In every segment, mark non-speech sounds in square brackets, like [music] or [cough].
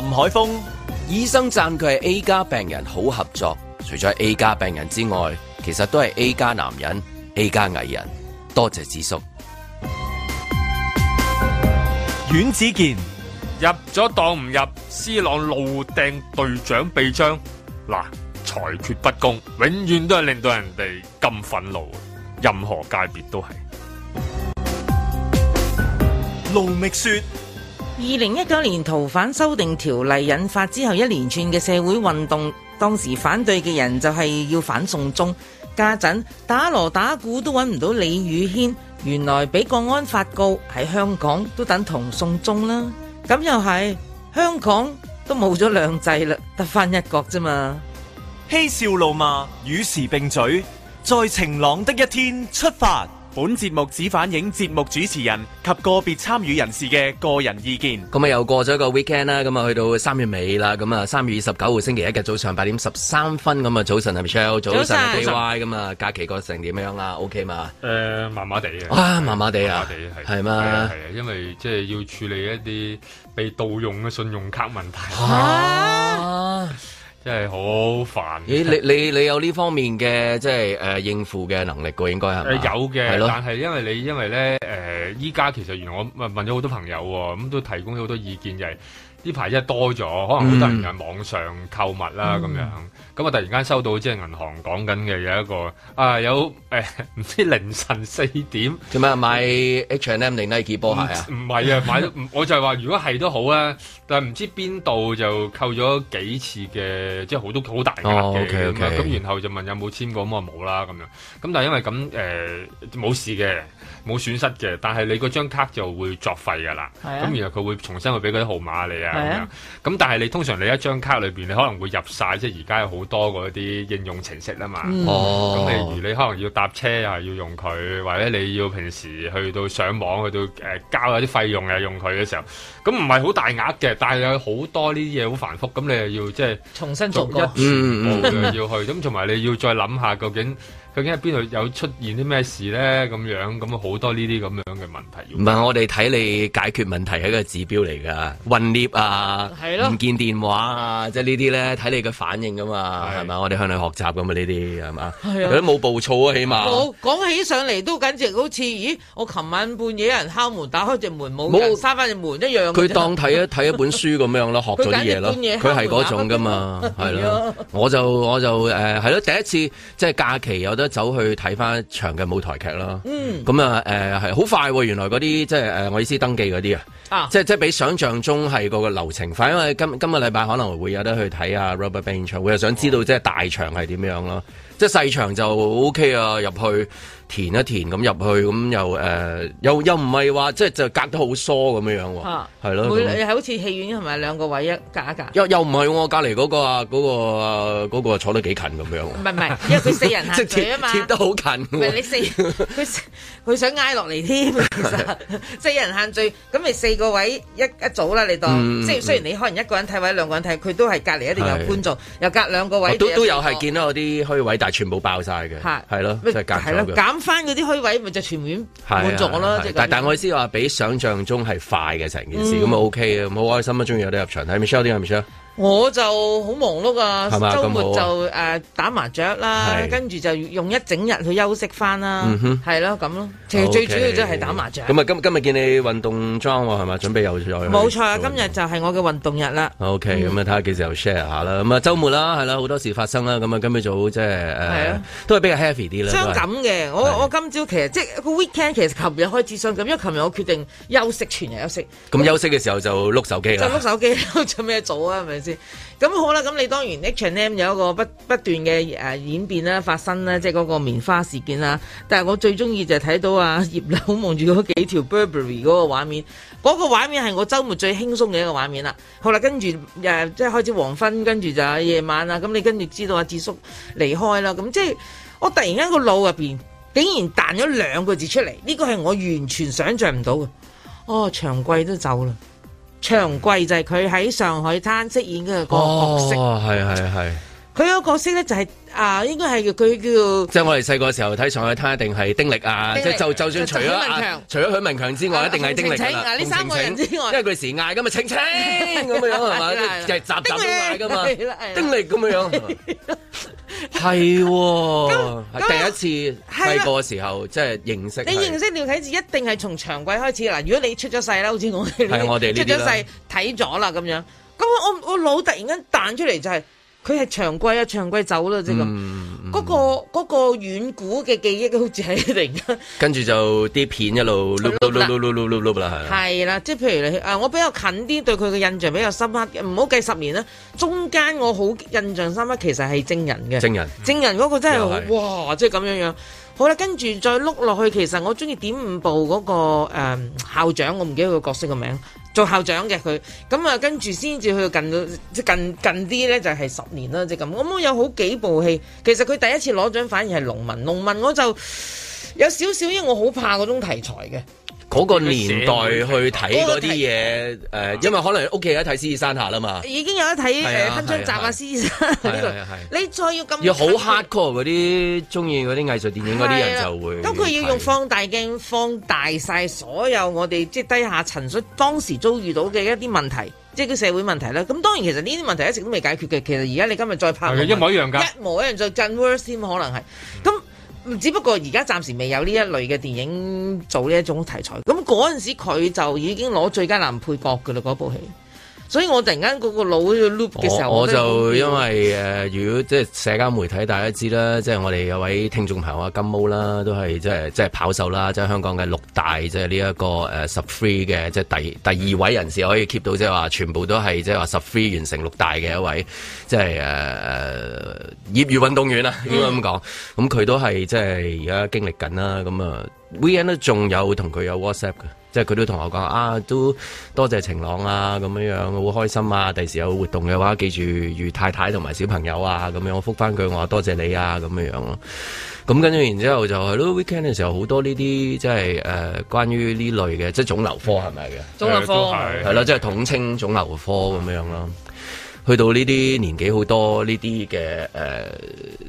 林海峰醫生讚佢係 A 加病人好合作，除咗 A 加病人之外，其實都係 A 加男人、A 加藝人。多謝子叔。阮子健入咗當唔入，施朗怒掟隊長臂章，嗱裁決不公，永遠都係令到人哋咁憤怒，任何界別都係。盧覓雪。二零一九年逃犯修訂條例引發之後一連串嘅社會運動，當時反對嘅人就係要反送中。家陣打鑼打鼓都揾唔到李宇軒，原來俾國安法告喺香港都等同送終啦。咁又係香港都冇咗兩制啦，得翻一國啫嘛。嬉笑怒罵與時並舉，在晴朗的一天出發。本節目只反映節目主持人及個別參與人士嘅個人意見。咁啊又過咗一個 weekend 啦，咁啊去到三月尾啦，咁啊三月二十九號星期一嘅早上八點十三分咁啊早晨啊 Michelle，早晨，Y 咁啊假期過成點樣啊？OK 嘛？誒，麻麻地嘅。啊，麻麻地啊。麻麻地係。係嘛？係啊係啊，因為即係要處理一啲被盜用嘅信用卡問題。吓？真係好煩。咦、欸，你你你有呢方面嘅即係誒、呃、應付嘅能力嘅應該係。誒、呃、有嘅，的但係因為你因為咧誒依家其實原來我問咗好多朋友咁、哦、都提供咗好多意見嘅、就係。呢排真係多咗，可能好多人喺網上購物啦咁、嗯、樣，咁啊突然間收到即係、就是、銀行講緊嘅有一個啊有誒唔、欸、知凌晨四點做咩買 H and M 定 Nike 波鞋、嗯、啊？唔係啊，買，我就係話如果係都好啊，但係唔知邊度就扣咗幾次嘅，即係好多好大額嘅咁樣，咁然後就問有冇簽過，咁啊冇啦咁樣，咁但係因為咁誒冇事嘅。冇損失嘅，但係你嗰張卡就會作廢㗎啦。咁、啊、然後佢會重新去俾嗰啲號碼你啊。咁但係你通常你一張卡裏邊你可能會入晒，即係而家有好多嗰啲應用程式吖嘛。咁例如你可能要搭車啊，要用佢，或者你要平時去到上網去到誒、呃、交下啲費用啊，用佢嘅時候，咁唔係好大額嘅，但係有好多呢啲嘢好繁複，咁你又要即係重新做過，做一全部要去，咁同埋你要再諗下究竟。究竟喺邊度有出現啲咩事咧？咁樣咁好多呢啲咁樣嘅問題。唔係我哋睇你解決問題係一個指標嚟噶。混裂啊，係咯，唔見電話啊，即係呢啲咧睇你嘅反應噶嘛，係嘛？我哋向你學習噶嘛，呢啲係嘛？佢都冇暴躁啊，起碼。冇。講起上嚟都簡直好似，咦？我琴晚半夜有人敲門，打開隻門冇冇。閂返隻門看一，看一,一樣。佢當睇一睇一本書咁樣咯，學咗啲嘢咯。佢係嗰種噶嘛，係咯、啊啊啊。我就我就誒係咯，第一次即係假期有得。走去睇翻場嘅舞台劇咯，咁、嗯呃、啊誒係好快喎！原來嗰啲即係誒我意思登記嗰啲啊，即，即係即係比想象中係個流程快，因為今今個禮拜可能會有得去睇啊 Robert Bain，場我又想知道即係大場係點樣咯，即係細場就 OK 啊入去，填一填咁入去，咁又誒，又又唔係話即係就隔得好疏咁樣樣喎，係咯，係好似戲院同埋兩個位一隔一隔。又又唔係我隔離嗰個啊，嗰個嗰個坐得幾近咁樣。唔係唔係，因為佢四人限聚啊嘛，貼得好近。唔係你四，佢佢想挨落嚟添，其實四人限聚，咁咪四個位一一組啦。你當即係雖然你可能一個人睇或者兩個人睇，佢都係隔離一定有觀眾，又隔兩個位。都都有係見到嗰啲虛位，但係全部爆曬嘅，係咯，即係隔。係咯，減。翻嗰啲虛位，咪就全面滿咗咯。但但我意思話，比想像中係快嘅成件事，咁啊、嗯、OK 啊，好開心啊，中意有啲入場睇、嗯、Mich，Michelle 點啊，Michelle。我就好忙碌啊，周末就誒打麻雀啦，跟住就用一整日去休息翻啦，係咯咁咯。其實最主要就係打麻雀。咁啊，今今日見你運動裝喎，係咪？準備又再冇錯啊！今日就係我嘅運動日啦。OK，咁啊，睇下幾時又 share 下啦。咁啊，周末啦，係啦，好多事發生啦。咁啊，今日早即係啊，都係比較 happy 啲啦。傷感嘅，我我今朝其實即係個 weekend，其實琴日開始傷感，因為琴日我決定休息，全日休息。咁休息嘅時候就碌手機啦。就碌手機，碌做咩做啊？係咪？咁、嗯、好啦，咁、嗯、你當然 H&M 有一個不不斷嘅誒演變啦、啊，發生啦、啊，即係嗰個棉花事件啦、啊。但係我最中意就係睇到啊葉劉望住嗰幾條 Burberry 嗰、那個畫面，嗰個畫面係我週末最輕鬆嘅一個畫面啦、啊。好啦，跟住誒、啊、即係開始黃昏，跟住就夜晚啦、啊。咁、嗯、你跟住知道阿、啊、智叔離開啦。咁、嗯、即係我突然間個腦入邊，竟然彈咗兩個字出嚟，呢個係我完全想像唔到嘅。哦，長貴都走啦。長貴就係佢喺上海灘飾演嘅個角色，係係係。佢個角色咧，就係啊，應該係佢叫即係我哋細個時候睇《上海灘》一定係丁力啊，即係就就算除咗除咗許文強之外，一定係丁力噶啦。程程啊，呢三個人之外，因為佢時嗌咁啊，程程咁樣係咪？即係集錦嚟噶嘛。丁力咁樣，係第一次細個嘅時候，即係認識你認識廖啟智，一定係從長貴開始嗱。如果你出咗世啦，好似我哋出咗世睇咗啦，咁樣咁我我腦突然間彈出嚟就係。佢係長歸啊，長歸走啦，即係咁。嗰個嗰個遠古嘅記憶，好似係突然間。跟住就啲片一路 loop loop loop loop loop loop 啦，係。係啦，即係譬如你啊，我比較近啲，對佢嘅印象比較深刻。唔好計十年啦，中間我好印象深刻，其實係證人嘅。證人，證人嗰個真係好哇，即係咁樣樣。好啦，跟住再碌落去，其實我中意點五部嗰、個、呃、校長，我唔記得個角色個名，做校長嘅佢，咁啊跟住先至去到近到，即近近啲呢就係十年啦，即、咁、咁。我有好幾部戲，其實佢第一次攞獎反而係農民，農民我就有少少，因為我好怕嗰種題材嘅。嗰個年代去睇嗰啲嘢，誒，因為可能屋企咧睇《獅子山下》啦嘛，已經有得睇誒《春春集》啊，《獅子山》呢你再要咁要好 hard core 嗰啲鍾意嗰啲藝術電影嗰啲人就會，咁佢要用放大鏡放大晒所有我哋即係低下層所當時遭遇到嘅一啲問題，即係叫社會問題啦。咁當然其實呢啲問題一直都未解決嘅。其實而家你今日再拍，一模一樣㗎，一模一樣再震 worse 先可能係咁。只不過而家暫時未有呢一類嘅電影做呢一種題材，咁嗰陣時佢就已經攞最佳男配角㗎啦，嗰部戲。所以我突然間嗰個腦 loop 嘅時候我，我就因為誒、呃，如果即係社交媒體，大家知啦，即係我哋有位聽眾朋友阿金毛啦，都係即係即係跑手啦，即係香港嘅六大即係呢一個誒 sub three 嘅即係第第二位人士可以 keep 到，即係話全部都係即係話 sub three 完成六大嘅一位，即係誒誒業餘運動員啊應該咁講，咁佢、嗯嗯、都係即係而家經歷緊啦，咁啊。weekend 都仲有同佢有 WhatsApp 嘅，即係佢都同我講啊，都多謝晴朗啊，咁樣樣好開心啊，第時有活動嘅話，記住與太太同埋小朋友啊，咁樣我覆翻佢，我話多謝你啊，咁樣樣咯。咁跟住然之後就係咯，weekend 嘅時候好多呢啲、呃，即係誒關於呢類嘅，即係腫瘤科係咪嘅？腫瘤科係啦，即係統稱腫瘤科咁樣咯。去到呢啲年紀，好多呢啲嘅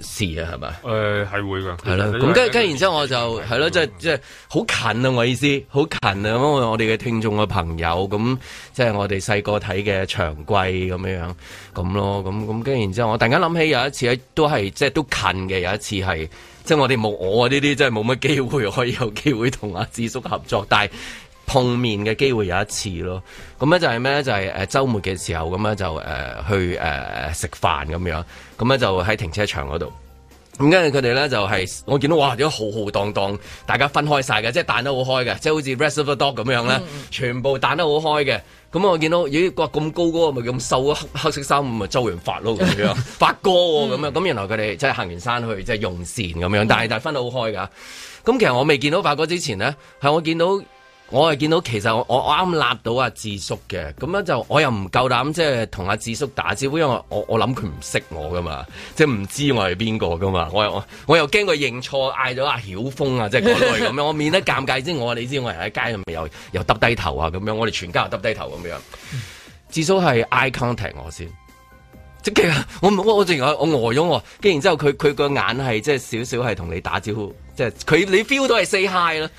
誒事啊，係咪？誒係、嗯、會㗎，係咯的。咁跟跟然之後我就係咯，即係即係好近啊！我意思好近啊！咁我我哋嘅聽眾嘅朋友，咁即係我哋細個睇嘅長貴咁樣樣咁咯。咁咁跟然之後，我突然間諗起有一次，都係即係都近嘅。有一次係即係我哋木偶啊呢啲，真係冇乜機會可以有機會同阿智叔合作，但係。碰面嘅機會有一次咯，咁咧就係咩咧？就係、是、誒、呃、週末嘅時候咁咧就誒去誒食飯咁樣，咁咧就喺停車場嗰度。咁跟住佢哋咧就係、是、我見到哇，點解浩浩蕩蕩，大家分開晒嘅，即係彈得好開嘅，即係好似 Rest of the Dog 咁樣咧，全部彈得好開嘅。咁我見到咦，個咁高嗰個咪咁瘦嘅黑色衫，咁咪周潤發咯咁樣，發哥喎咁啊。咁原來、嗯嗯、佢哋即係行完山去即係用膳咁樣，但係但係分得好開㗎。咁其實我未見到發哥之前呢，係我見到。我係見到其實我我我啱啱揦到阿智叔嘅，咁樣就我又唔夠膽即係同阿智叔打招呼，因為我我諗佢唔識我㗎嘛，即係唔知我係邊個㗎嘛，我又我我又驚佢認錯，嗌咗阿曉峰啊，即係講到係咁樣，我免得尷尬先，我 [laughs] 你知我人喺街上面又又耷低頭啊咁樣，我哋全家又耷低頭咁樣，至少係 eye contact 我先，即係我我我淨係我餓咗我。跟、呃、然之後佢佢個眼係即係少少係同你打招呼。即係佢，你 feel 到係 say hi 咯、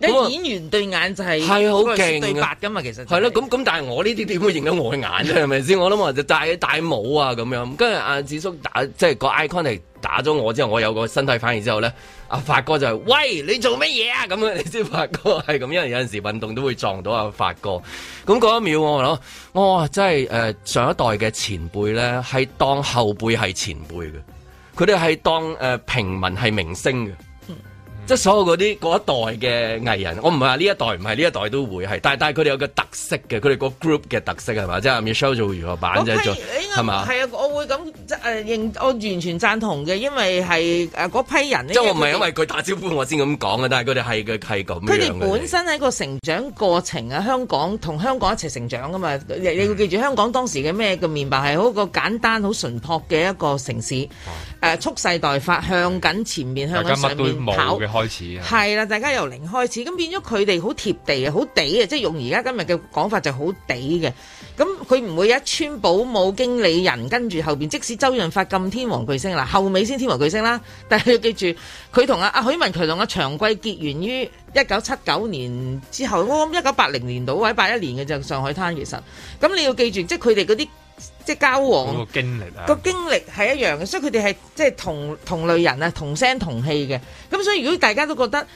嗯。你演員對眼就係係好勁白噶嘛，其實係咯。咁咁，但係我呢啲點會認到我嘅眼咧？係咪先？我諗啊，就戴戴帽啊咁樣。跟住阿智叔打，即係、那個 icon 嚟打咗我之後，我有個身體反應之後咧，阿、啊、發哥就係、是、喂，你做乜嘢啊？咁樣你知發哥係咁，因為有陣時運動都會撞到阿、啊、發哥。咁嗰一秒我諗，哇、哦！真係誒上一代嘅前輩咧，係當後輩係前輩嘅，佢哋係當誒、呃、平民係明星嘅。即係所有嗰啲嗰一代嘅藝人，我唔係話呢一代唔係呢一代都會係，但係但係佢哋有個特色嘅，佢哋個 group 嘅特色係嘛？即係 Michelle 做娛樂版即係做，係嘛批？係啊，我會咁誒認，我完全贊同嘅，因為係誒嗰批人。即係我唔係因為佢打招呼我先咁講嘅，但係佢哋係嘅係咁。佢哋本身喺個成長過程啊，香港同香港一齊成長噶嘛。 [laughs] 你你要記住香港當時嘅咩嘅面貌係好個簡單好純樸嘅一個城市。 [laughs] 誒蓄勢待發，向緊前面向緊上面跑，係啦，大家由零開始，咁變咗佢哋好貼地啊，好地啊，即係用而家今日嘅講法就好地嘅。咁佢唔會一穿保姆經理人跟住後邊，即使周潤發咁天王巨星啦，後尾先天王巨星啦。但係要記住，佢同阿阿許文強同阿長貴結緣於一九七九年之後，我諗一九八零年到八一年嘅就上海灘其實。咁你要記住，即係佢哋嗰啲。即係交往個經歷啊，個經歷係一樣嘅，所以佢哋係即係同同類人啊，同聲同氣嘅。咁所以如果大家都覺得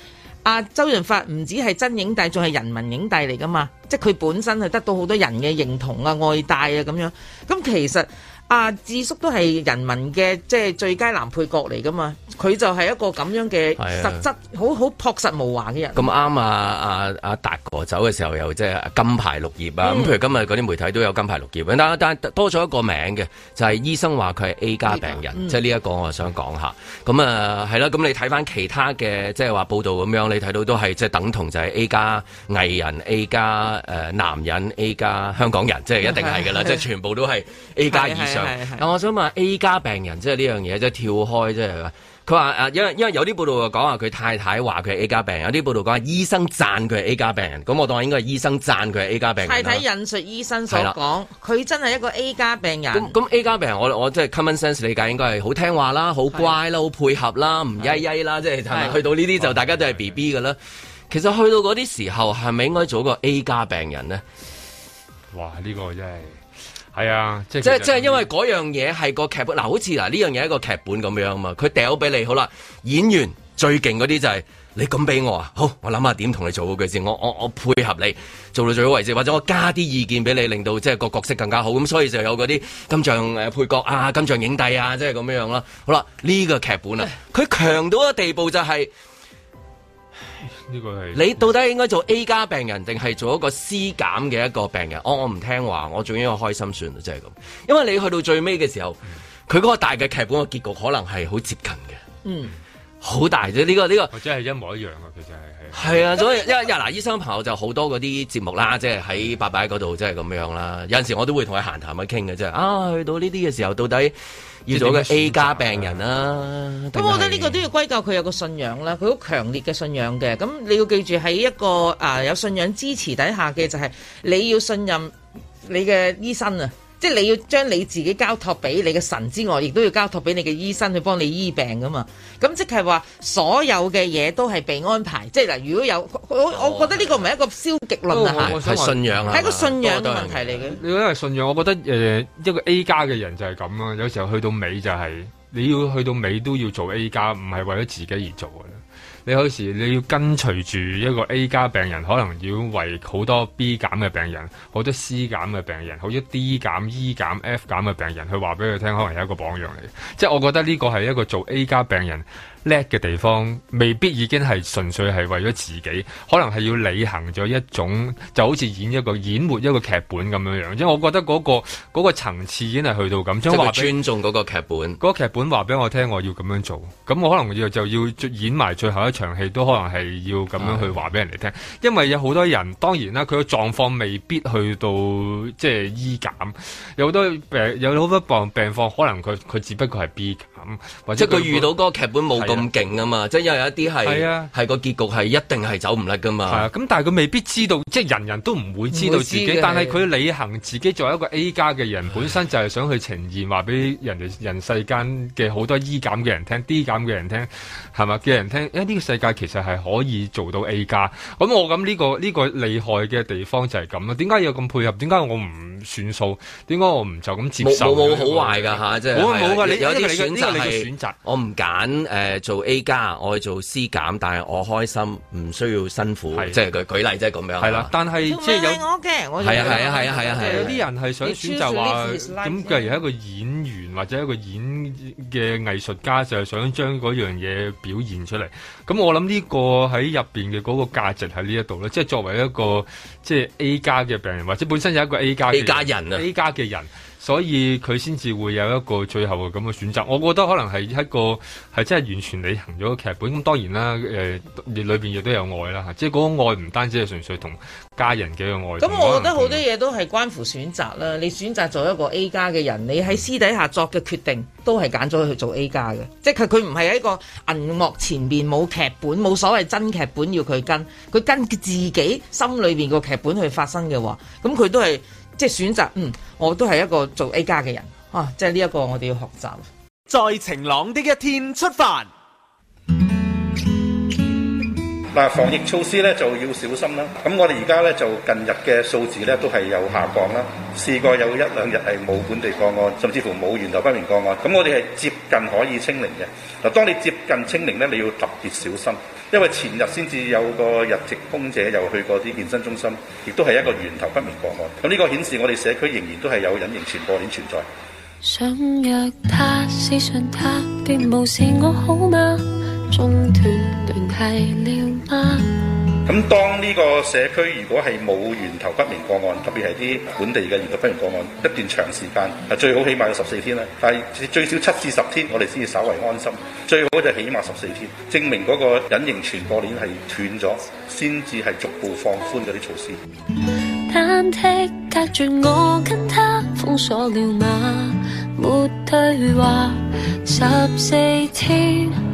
阿、啊、周潤發唔止係真影帝，仲係人民影帝嚟㗎嘛，即係佢本身係得到好多人嘅認同啊、愛戴啊咁樣。咁其實。阿、啊、智叔都係人民嘅，即係最佳男配角嚟噶嘛？佢 [noise] 就係一個咁樣嘅實質好好樸實無華嘅人。咁啱啊！阿啊，啊達哥走嘅時候又即係金牌綠葉啊！咁、嗯、譬如今日嗰啲媒體都有金牌綠葉，但但多咗一個名嘅就係、是、醫生話佢係 A 加病人，嗯、即係呢一個我想講下。咁啊係啦，咁、啊、你睇翻其他嘅即係話報道咁樣，你睇到都係即係等同就係 A 加藝人、A 加誒男人、A 加香港人，即係一定係噶啦，即係全部都係 A 加係係係，但我想問 A 加病人即，即係呢樣嘢，即係跳開即，即係佢話，佢因為因為有啲報道講話佢太太話佢係 A 加病人，有啲報道講話醫生讚佢係 A 加病人，咁我當應該係醫生讚佢係 A 加病人。太太引述醫生所講，佢的真係一個 A 加病人。咁 A 加病人，我我即係 common sense 理解，應該係好聽話啦，好乖啦，好是配合啦，唔曳曳啦，即係去到呢啲就大家都係 B B 噶啦。其實去到嗰啲時候，係咪應該做一個 A 加病人呢？哇！呢、呢個真係。係啊，即係即係，因為嗰樣嘢係個劇本，嗱，好似嗱呢樣嘢係一個劇本咁樣啊嘛，佢掉俾你好啦，演員最勁嗰啲就係、是、你咁俾我啊，好，我諗下點同你做好佢先，我我我配合你做到最好為止，或者我加啲意見俾你，令到即係個角色更加好，咁所以就有嗰啲金像誒、呃、配角啊，金像影帝啊，即係咁樣樣咯。好啦，呢、這個劇本啊，佢強到一個地步就係、是。呢個係你到底應該做 A 加病人，定係做一個 C 減嘅一個病人？哦，我唔聽話，我做一個開心算啦，即係咁。因為你去到最尾嘅時候，佢嗰、嗯、個大嘅劇本嘅結局可能係好接近嘅。嗯，好大啫，呢、呢個呢、呢個真係一模一樣啊！其實係係啊，所以一 [laughs] 日嗱，醫生朋友就好多嗰啲節目啦，即係喺伯伯嗰度，即係咁樣啦。有陣時我都會同佢閒談一啲傾嘅，即係啊，去到呢啲嘅時候，到底。要做到嘅 A 加病人啦、啊，咁我覺得呢個都要歸咎佢有個信仰啦，佢好強烈嘅信仰嘅，咁你要記住喺一個啊、呃、有信仰支持底下嘅就係你要信任你嘅醫生啊。即係你要將你自己交託俾你嘅神之外，亦都要交託俾你嘅醫生去幫你醫病噶嘛？咁即係話所有嘅嘢都係被安排。即係嗱，如果有我，我覺得呢個唔係一個消極論啊，係信仰啊，係一個信仰嘅問題嚟嘅。你因為信仰，我覺得誒、呃、一個 A 加嘅人就係咁啦。有時候去到尾就係、是、你要去到尾都要做 A 加，唔係為咗自己而做嘅你好似你要跟隨住一個 A 加病人，可能要為好多 B 減嘅病人、好多 C 減嘅病人、好多 D 減、E 減、F 減嘅病人去話俾佢聽，可能係一個榜樣嚟。即係我覺得呢個係一個做 A 加病人。叻嘅地方未必已經係純粹係為咗自己。可能係要履行咗一種，就好似演一個演活一個劇本咁樣樣，即係我覺得嗰個嗰個層次已經係去到咁。即係話尊重嗰個劇本，嗰個劇本話俾我聽，我要咁樣做。咁我可能就要就要演埋最後一場戲都可能係要咁樣去話俾人哋聽，的因為有好多人，當然啦，佢嘅狀況未必去到，即係醫減有好多病有好多病病況，可能佢佢只不過係 B 減，或者佢遇到嗰個劇本冇。是咁勁啊嘛！即係有有一啲係係個結局係一定係走唔甩噶嘛。係啊，咁但係佢未必知道，即係人人都唔會知道自己。但係佢履行自己作為一個 A 加嘅人，本身就係想去呈現話俾人哋人世間嘅好多 E 減嘅人聽、D 減嘅人聽，係咪嘅人聽。誒，呢個世界其實係可以做到 A 加。咁我諗呢個呢個厲害嘅地方就係咁啦。點解要咁配合？點解我唔算數？點解我唔就咁接受？冇冇好壞㗎嚇，即係冇冇㗎。你有啲選擇係我唔揀誒。做 A 加，我做 C 減，但係我開心，唔需要辛苦，即係舉舉例即係咁樣。係啦，但係、嗯、即係有我嘅，我係啊係啊係啊係啊，有 [noise] 啲人係想選擇話，咁譬如一個演員或者一個演嘅藝術家就係想將嗰樣嘢表現出嚟，咁我諗呢個喺入邊嘅嗰個價值喺呢一度咧，即係作為一個即係、就是、A 加嘅病人或者本身有一個 A 加嘅家人啊，A 加嘅人。 [music] 所以佢先至會有一個最後嘅咁嘅選擇，我覺得可能係一個係真係完全履行咗個劇本。咁當然啦，誒、呃，裏邊亦都有愛啦，即係嗰個愛唔單止係純粹同家人嘅愛。咁、嗯、跟 我覺得好多嘢都係關乎選擇啦。嗯、你選擇做一個 A 加嘅人，你喺私底下作嘅決定都係揀咗去做 A 加嘅，即係佢唔係一個銀幕前邊冇劇本，冇所謂真劇本要佢跟，佢跟自己心裏邊個劇本去發生嘅話。咁佢都係。即係選擇，嗯，我都係一個做 A 加嘅人啊！即係呢一個我哋要學習。在晴朗的一天出發。嗱，防疫措施咧就要小心啦。咁我哋而家咧就近日嘅數字咧都係有下降啦。試過有一兩日係冇本地個案，甚至乎冇源頭不明個案。咁我哋係接近可以清零嘅。嗱，當你接近清零咧，你要特別小心。因為前日先至有個日籍空姐又去過啲健身中心，亦都係一個源頭不明個案。咁、這、呢個顯示我哋社區仍然都係有隱形傳播鏈存在。想,約他想他，他，我好嗎端端了嗎？咁當呢個社區如果係冇源頭不明個案，特別係啲本地嘅源頭不明個案，一段長時間，啊最好起碼要十四天啦，但係最少七至十天，我哋先至稍為安心。最好就起碼十四天，證明嗰個隱形傳播鏈係斷咗，先至係逐步放寬嗰啲措施。單的隔絕我跟他封鎖了嗎？沒對話十四天。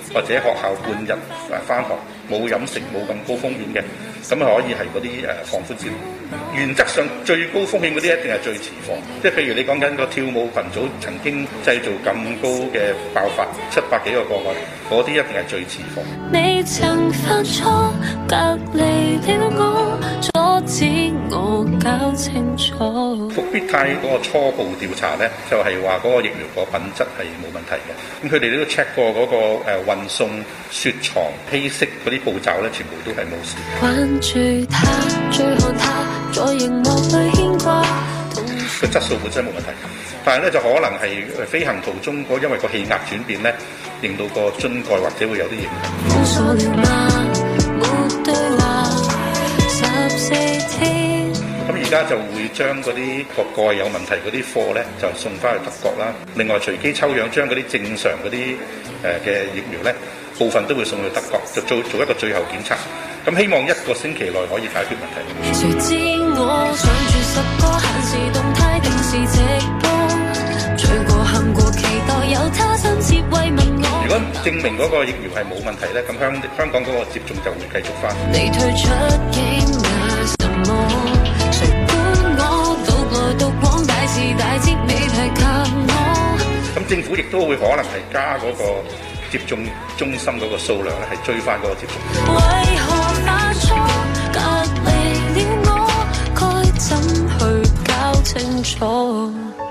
或者學校半日誒返學冇飲食冇咁高風險嘅，咁啊可以係啲誒放寬措施。原則上最高風險啲一定係最遲放，即係譬如你講緊個跳舞群組曾經製造咁高嘅爆發七百幾個個案，啲一定係最遲放。你曾犯錯隔離了我，阻止我搞清楚。復必泰個初步調查咧，就係、是、話個疫苗個品質係冇問題嘅。咁佢哋都 check 過、嗰個誒誒、呃運運送雪藏披息嗰啲步驟咧，全部都係冇事。個質素本身冇問題，但係咧就可能係飛行途中嗰，因為個氣壓轉變咧，令到個樽蓋或者會有啲影響。咁而家就會將嗰啲個蓋有問題嗰啲貨咧，就送翻去德國啦。另外隨機抽樣將嗰啲正常嗰啲誒嘅疫苗咧，部分都會送去德國，就做做一個最後檢測。咁希望一個星期內可以解決問題。如果證明嗰個疫苗係冇問題咧，咁香香港嗰個接種就會繼續翻。咁政府亦都會可能係加嗰個接種中心嗰個數量咧，係追返嗰個接種。為何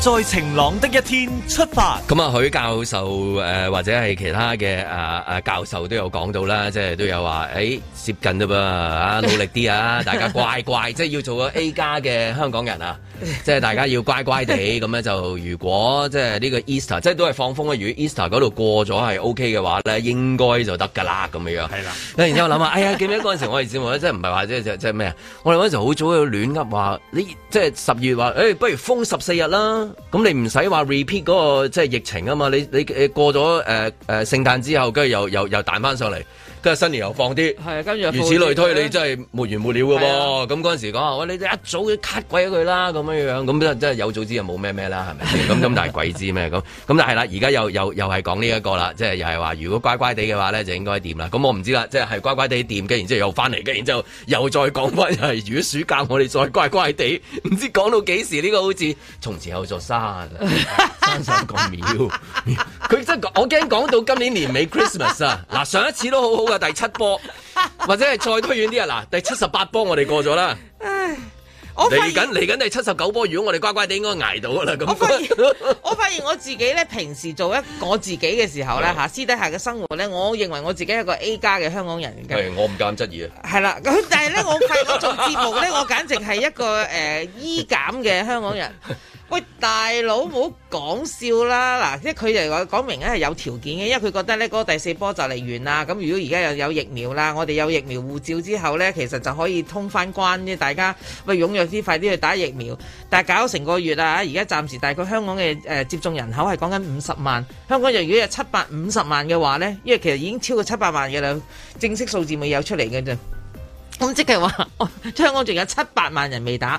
在晴朗的一天出發。咁啊，許教授誒，或者係其他嘅啊啊教授都有講到啦，即係都有話誒，接近嘞噃啊，努力啲啊，大家乖乖， [laughs] 即係要做個 A 加嘅香港人啊，即係大家要乖乖地咁咧。就如果、e、aster, 即係呢個 Easter，即係都係放風嘅如果 Easter 嗰度過咗係 OK 嘅話咧，應該就得噶啦咁樣。係啦，然之後諗下，哎呀，記唔記得嗰陣時我哋先話，即係唔係話即係即係咩啊？我哋嗰陣時好早喺度亂噏話，呢即係十月話，誒、欸，不如封十四日啦。咁你唔使話 repeat 嗰個即係疫情啊嘛，你你過咗誒誒聖誕之後，跟住又又又彈翻上嚟。跟住新年又放啲，係啊，跟住，如此類推，呢你真係冇完冇了嘅喎。咁嗰陣時講話、欸，你一早要 cut 鬼咗佢啦，咁樣樣，咁真真係有早知就冇咩咩啦，係咪？咁咁但係鬼知咩？咁咁就係啦。而家又又又係講呢一個啦，即係又係話，如果乖乖地嘅話咧，就應該掂啦。咁我唔知啦，即係係乖乖地掂嘅，然之後又翻嚟嘅，然之後又再講翻係。如果暑假我哋再乖乖地，唔知講到幾時呢、呢個好似從前有座山，山上個廟。佢真係講，我驚講到今年年尾 Christmas 啊！嗱，上一次都好好。第七波，或者係再推遠啲啊！嗱， [laughs] 第七十八波我哋過咗啦，嚟緊嚟緊第七十九波，如果我哋乖乖哋應該挨到啦。咁，我發現 [laughs] 我發現我自己咧，平時做一個我自己嘅時候咧，吓 [laughs] 私底下嘅生活咧，我認為我自己係一個 A 加嘅香港人嘅。係，我唔敢質疑啊。係啦，咁但係咧，我係我做節目咧，我簡直係一個誒、呃、依減嘅香港人。喂，大佬，唔好講笑啦！嗱，即係佢就講明咧係有條件嘅，因為佢覺得呢個第四波就嚟完啦。咁如果而家又有疫苗啦，我哋有疫苗護照之後呢，其實就可以通翻關，即大家喂，踴躍啲，快啲去打疫苗。但係搞成個月啦，而家暫時大概香港嘅誒接種人口係講緊五十萬。香港就如果有七百五十萬嘅話呢，因為其實已經超過七百萬嘅啦，正式數字未有出嚟嘅啫。咁即係話，香港仲有七百萬人未打。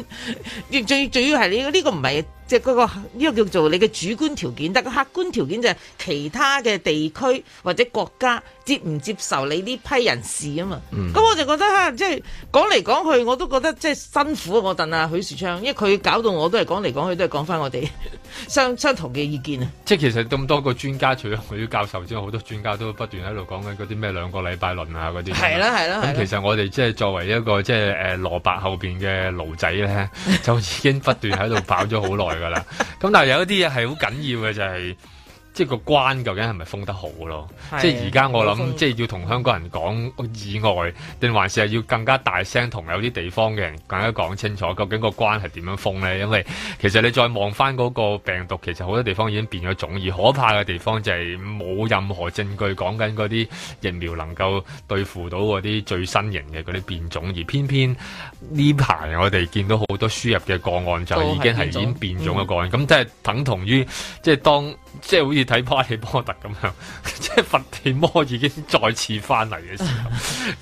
越最主要係呢、這個呢、這個唔係即係個呢、這個叫做你嘅主觀條件，但係客觀條件就係其他嘅地區或者國家接唔接受你呢批人士啊嘛。咁、嗯嗯、我就覺得即係講嚟講去，我都覺得即係辛苦我鄧啊許樹昌，因為佢搞到我都係講嚟講去都係講翻我哋相相同嘅意見啊。即係其實咁多個專家，除咗許教授之外，好多專家都不斷喺度講緊嗰啲咩兩個禮拜論啊嗰啲。係啦係啦。咁其實我哋即係作為一個即係誒蘿蔔後邊嘅爐仔咧。 [laughs] 就已經不斷喺度跑咗好耐㗎啦，咁但係有一啲嘢係好緊要嘅就係、是。即係個關究竟係咪封得好咯？是即係而家我諗，分即係要同香港人講以外，定還是係要更加大聲同有啲地方嘅人更加講清楚究竟個關係點樣封呢？因為其實你再望翻嗰個病毒，其實好多地方已經變咗種，而可怕嘅地方就係冇任何證據講緊嗰啲疫苗能夠對付到嗰啲最新型嘅嗰啲變種，而偏偏呢排我哋見到好多輸入嘅個案就已經係已經變種嘅個案，咁即係等同於即係當。即係好似睇《哈利波特》咁樣，即係伏地魔已經再次翻嚟嘅時候，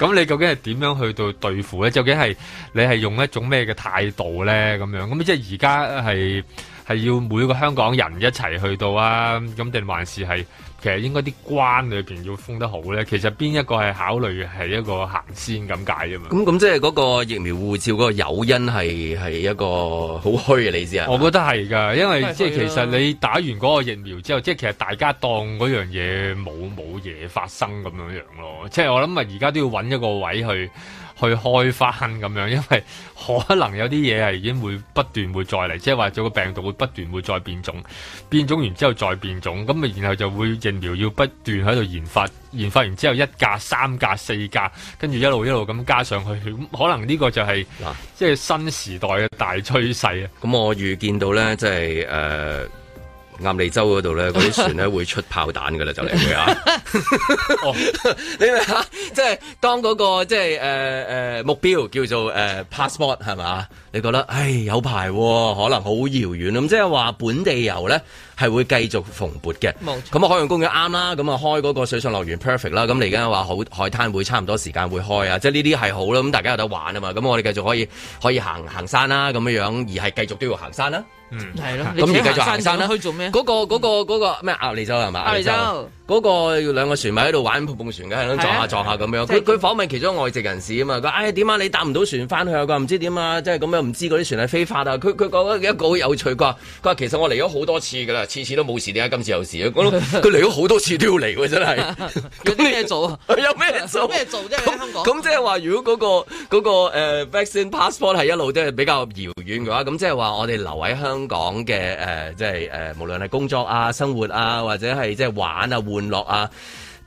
咁 [laughs] 你究竟係點樣去到對付咧？究竟係你係用一種咩嘅態度咧？咁樣咁即係而家係係要每個香港人一齊去到啊？咁定還是係？其實應該啲關裏邊要封得好咧，其實邊一個係考慮係一個行先咁解啫嘛。咁咁即係嗰個疫苗護照嗰個誘因係係一個好虛嘅，你知啊？我覺得係噶，因為的即係其實你打完嗰個疫苗之後，即係其實大家當嗰樣嘢冇冇嘢發生咁樣樣咯。即係我諗啊，而家都要揾一個位去。去開翻咁樣，因為可能有啲嘢係已經會不斷會再嚟，即係話咗個病毒會不斷會再變種，變種完之後再變種，咁啊然後就會疫苗要不斷喺度研發，研發完之後一價、三價、四價，跟住一路一路咁加上去，咁可能呢個就係、是、嗱，啊、即係新時代嘅大趨勢啊！咁我預見到呢，即係誒。呃.鴨脷洲嗰度咧，嗰啲船咧會出炮彈噶啦，就嚟佢啊！你睇下，即係當嗰個即係誒誒目標叫做誒、呃、passport 係咪？你覺得誒有排可能好遙遠。咁即係話本地遊咧。係會繼續蓬勃嘅，冇錯，咁啊海洋公園啱啦，咁啊開嗰個水上樂園 perfect 啦，咁、嗯、你而家話好海灘會差唔多時間會開啊，即係呢啲係好啦，咁大家有得玩啊嘛，咁我哋繼續可以可以行行山啦，咁樣樣而係繼續都要行山啦，嗯，係咯、嗯，咁而繼續行山啦，去做咩？嗰個嗰個嗰個咩？鴨脷洲係咪？鴨脷洲。是嗰個兩個船咪喺度玩碰碰船嘅，喺度撞下撞下咁、啊、樣。佢佢訪問其中外籍人士啊嘛，佢話，唉、哎，點啊？你搭唔到船翻去啊？佢唔知點啊，即係咁樣唔知嗰啲船係非法啊。佢佢講一個好有趣嘅，佢話其實我嚟咗好多次㗎啦，次次都冇事，點解今次有事？佢嚟咗好多次都要嚟喎，真係。 [laughs] [laughs] 有咩做啊？有咩做？有咩 [laughs] 做啫？ [laughs] 香港。咁即係話，如果嗰、嗰個嗰、嗰個誒、嗰個 uh, vaccine passport 係一路都係比較遙遠嘅話，咁即係話我哋留喺香港嘅誒，即係誒，無論係工作啊、生活啊，或者係即係玩啊、玩娛樂啊，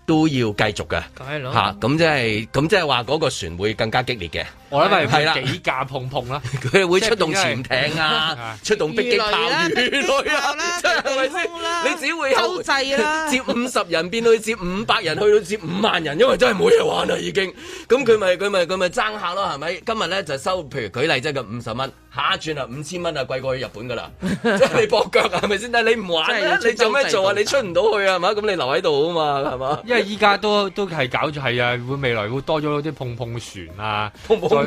都要繼續嘅吓，咁即係，咁即係話嗰個船會更加激烈嘅。我諗係啦，幾架碰碰啦，佢 [laughs] 會出動潛艇啊，出動迫擊炮。原來啊，係咪先？你只會收制，啦，接五十人變到接五百人，去到接五萬人，人因，因為真係冇嘢玩啦已經。咁佢咪佢咪佢咪爭下咯，係咪？今日咧就收，譬如舉例即係咁五十蚊，下一轉啊五千蚊啊貴過去日本噶啦， [laughs] 即係你搏腳係咪先？但係你唔玩，就是，你做咩做啊？出你出唔到去啊嘛？咁你留喺度啊嘛，係嘛？因為依家都都係搞住係啊，會未來會多咗啲碰碰船啊，碰碰。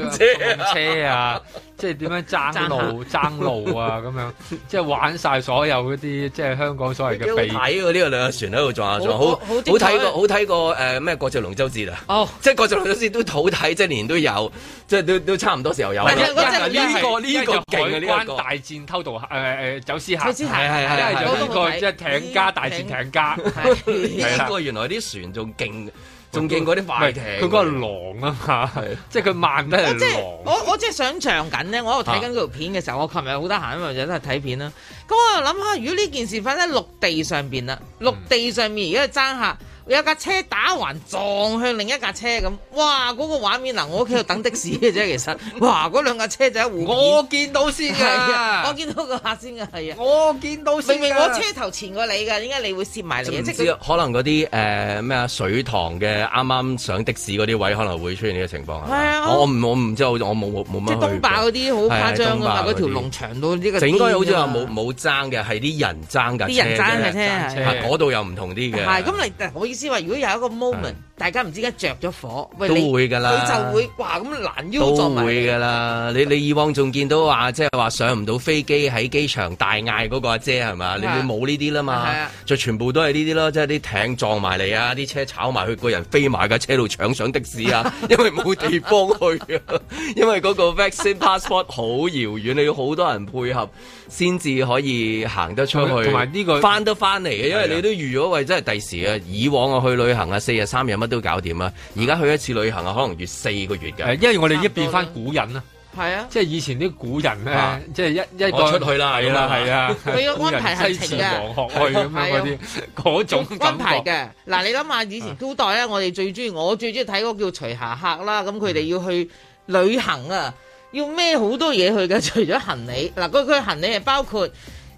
車啊，即係點樣爭路爭路啊，咁樣即係玩晒所有嗰啲，即係香港所謂嘅秘。好睇喎，呢個兩船喺度撞下撞下，仲好好睇過，好睇過誒咩國際龍舟節啊！哦，即係國際龍舟節都好睇，即係年年都有，即係都都差唔多時候有。呢個呢個勁啊！呢個大戰偷渡誒誒走私客，係係係，呢個即係艇家大戰艇家，呢個原來啲船仲勁。仲勁嗰啲快艇，佢嗰個狼啊嘛，即係佢慢得係狼。我我即係想像緊咧，我喺度睇緊嗰條片嘅時候，我琴日好得閒啊，咪日都係睇片啦。咁我又諗下，如果呢件事發生喺陸地上邊啦，陸地上面如果爭下。有一架車打橫撞向另一架車咁，哇！嗰個畫面嗱，我屋企度等的士嘅啫，其實，哇！嗰兩架車就喺湖，我見到我先噶，我見到個客先嘅。係啊，我見到，明明我車頭前過你㗎，點解你會攝埋嚟嘅？唔知可能嗰啲誒咩啊水塘嘅啱啱上的士嗰啲位，可能會出現呢個情況啊！我唔我唔知我冇冇乜。即東霸嗰啲好誇張㗎嘛，嗰條龍長到呢個。應該好似話冇冇爭嘅，係啲人爭緊。啲人爭緊車啊！嗰度又唔同啲嘅。係咁，你的意思話，如果有一個 moment。大家唔知一着咗火，喂都會噶啦，佢就會話咁攔腰撞埋。都會噶啦，你你以往仲見到話，即係話上唔到飛機喺機場大嗌嗰個阿姐係嘛？是啊、你你冇呢啲啦嘛，是啊、就全部都係呢啲咯，即係啲艇撞埋嚟啊，啲車炒埋去個人飛埋架車度搶上的士啊，因為冇地方去啊， [laughs] 因為嗰個 vaccine passport 好遙遠，你要好多人配合先至可以行得出去，同埋呢個翻得翻嚟嘅，因為你都預咗喂，真係第時啊，以往我去旅行啊四日三日都搞掂啦！而家去一次旅行啊，可能住四個月嘅。因為我哋一變翻古人啦，係啊，啊即係以前啲古人咧，即係一一代出去啦，係啊係啊，佢要安排行程啊，係 [laughs] 去咁 [laughs] 樣啊，嗰種安排嘅。嗱， [laughs] 你諗下以前古代咧，我哋最中意，我最中意睇嗰叫徐霞客啦。咁佢哋要去旅行啊，要孭好多嘢去嘅，除咗行李，嗱，佢佢行李係包括。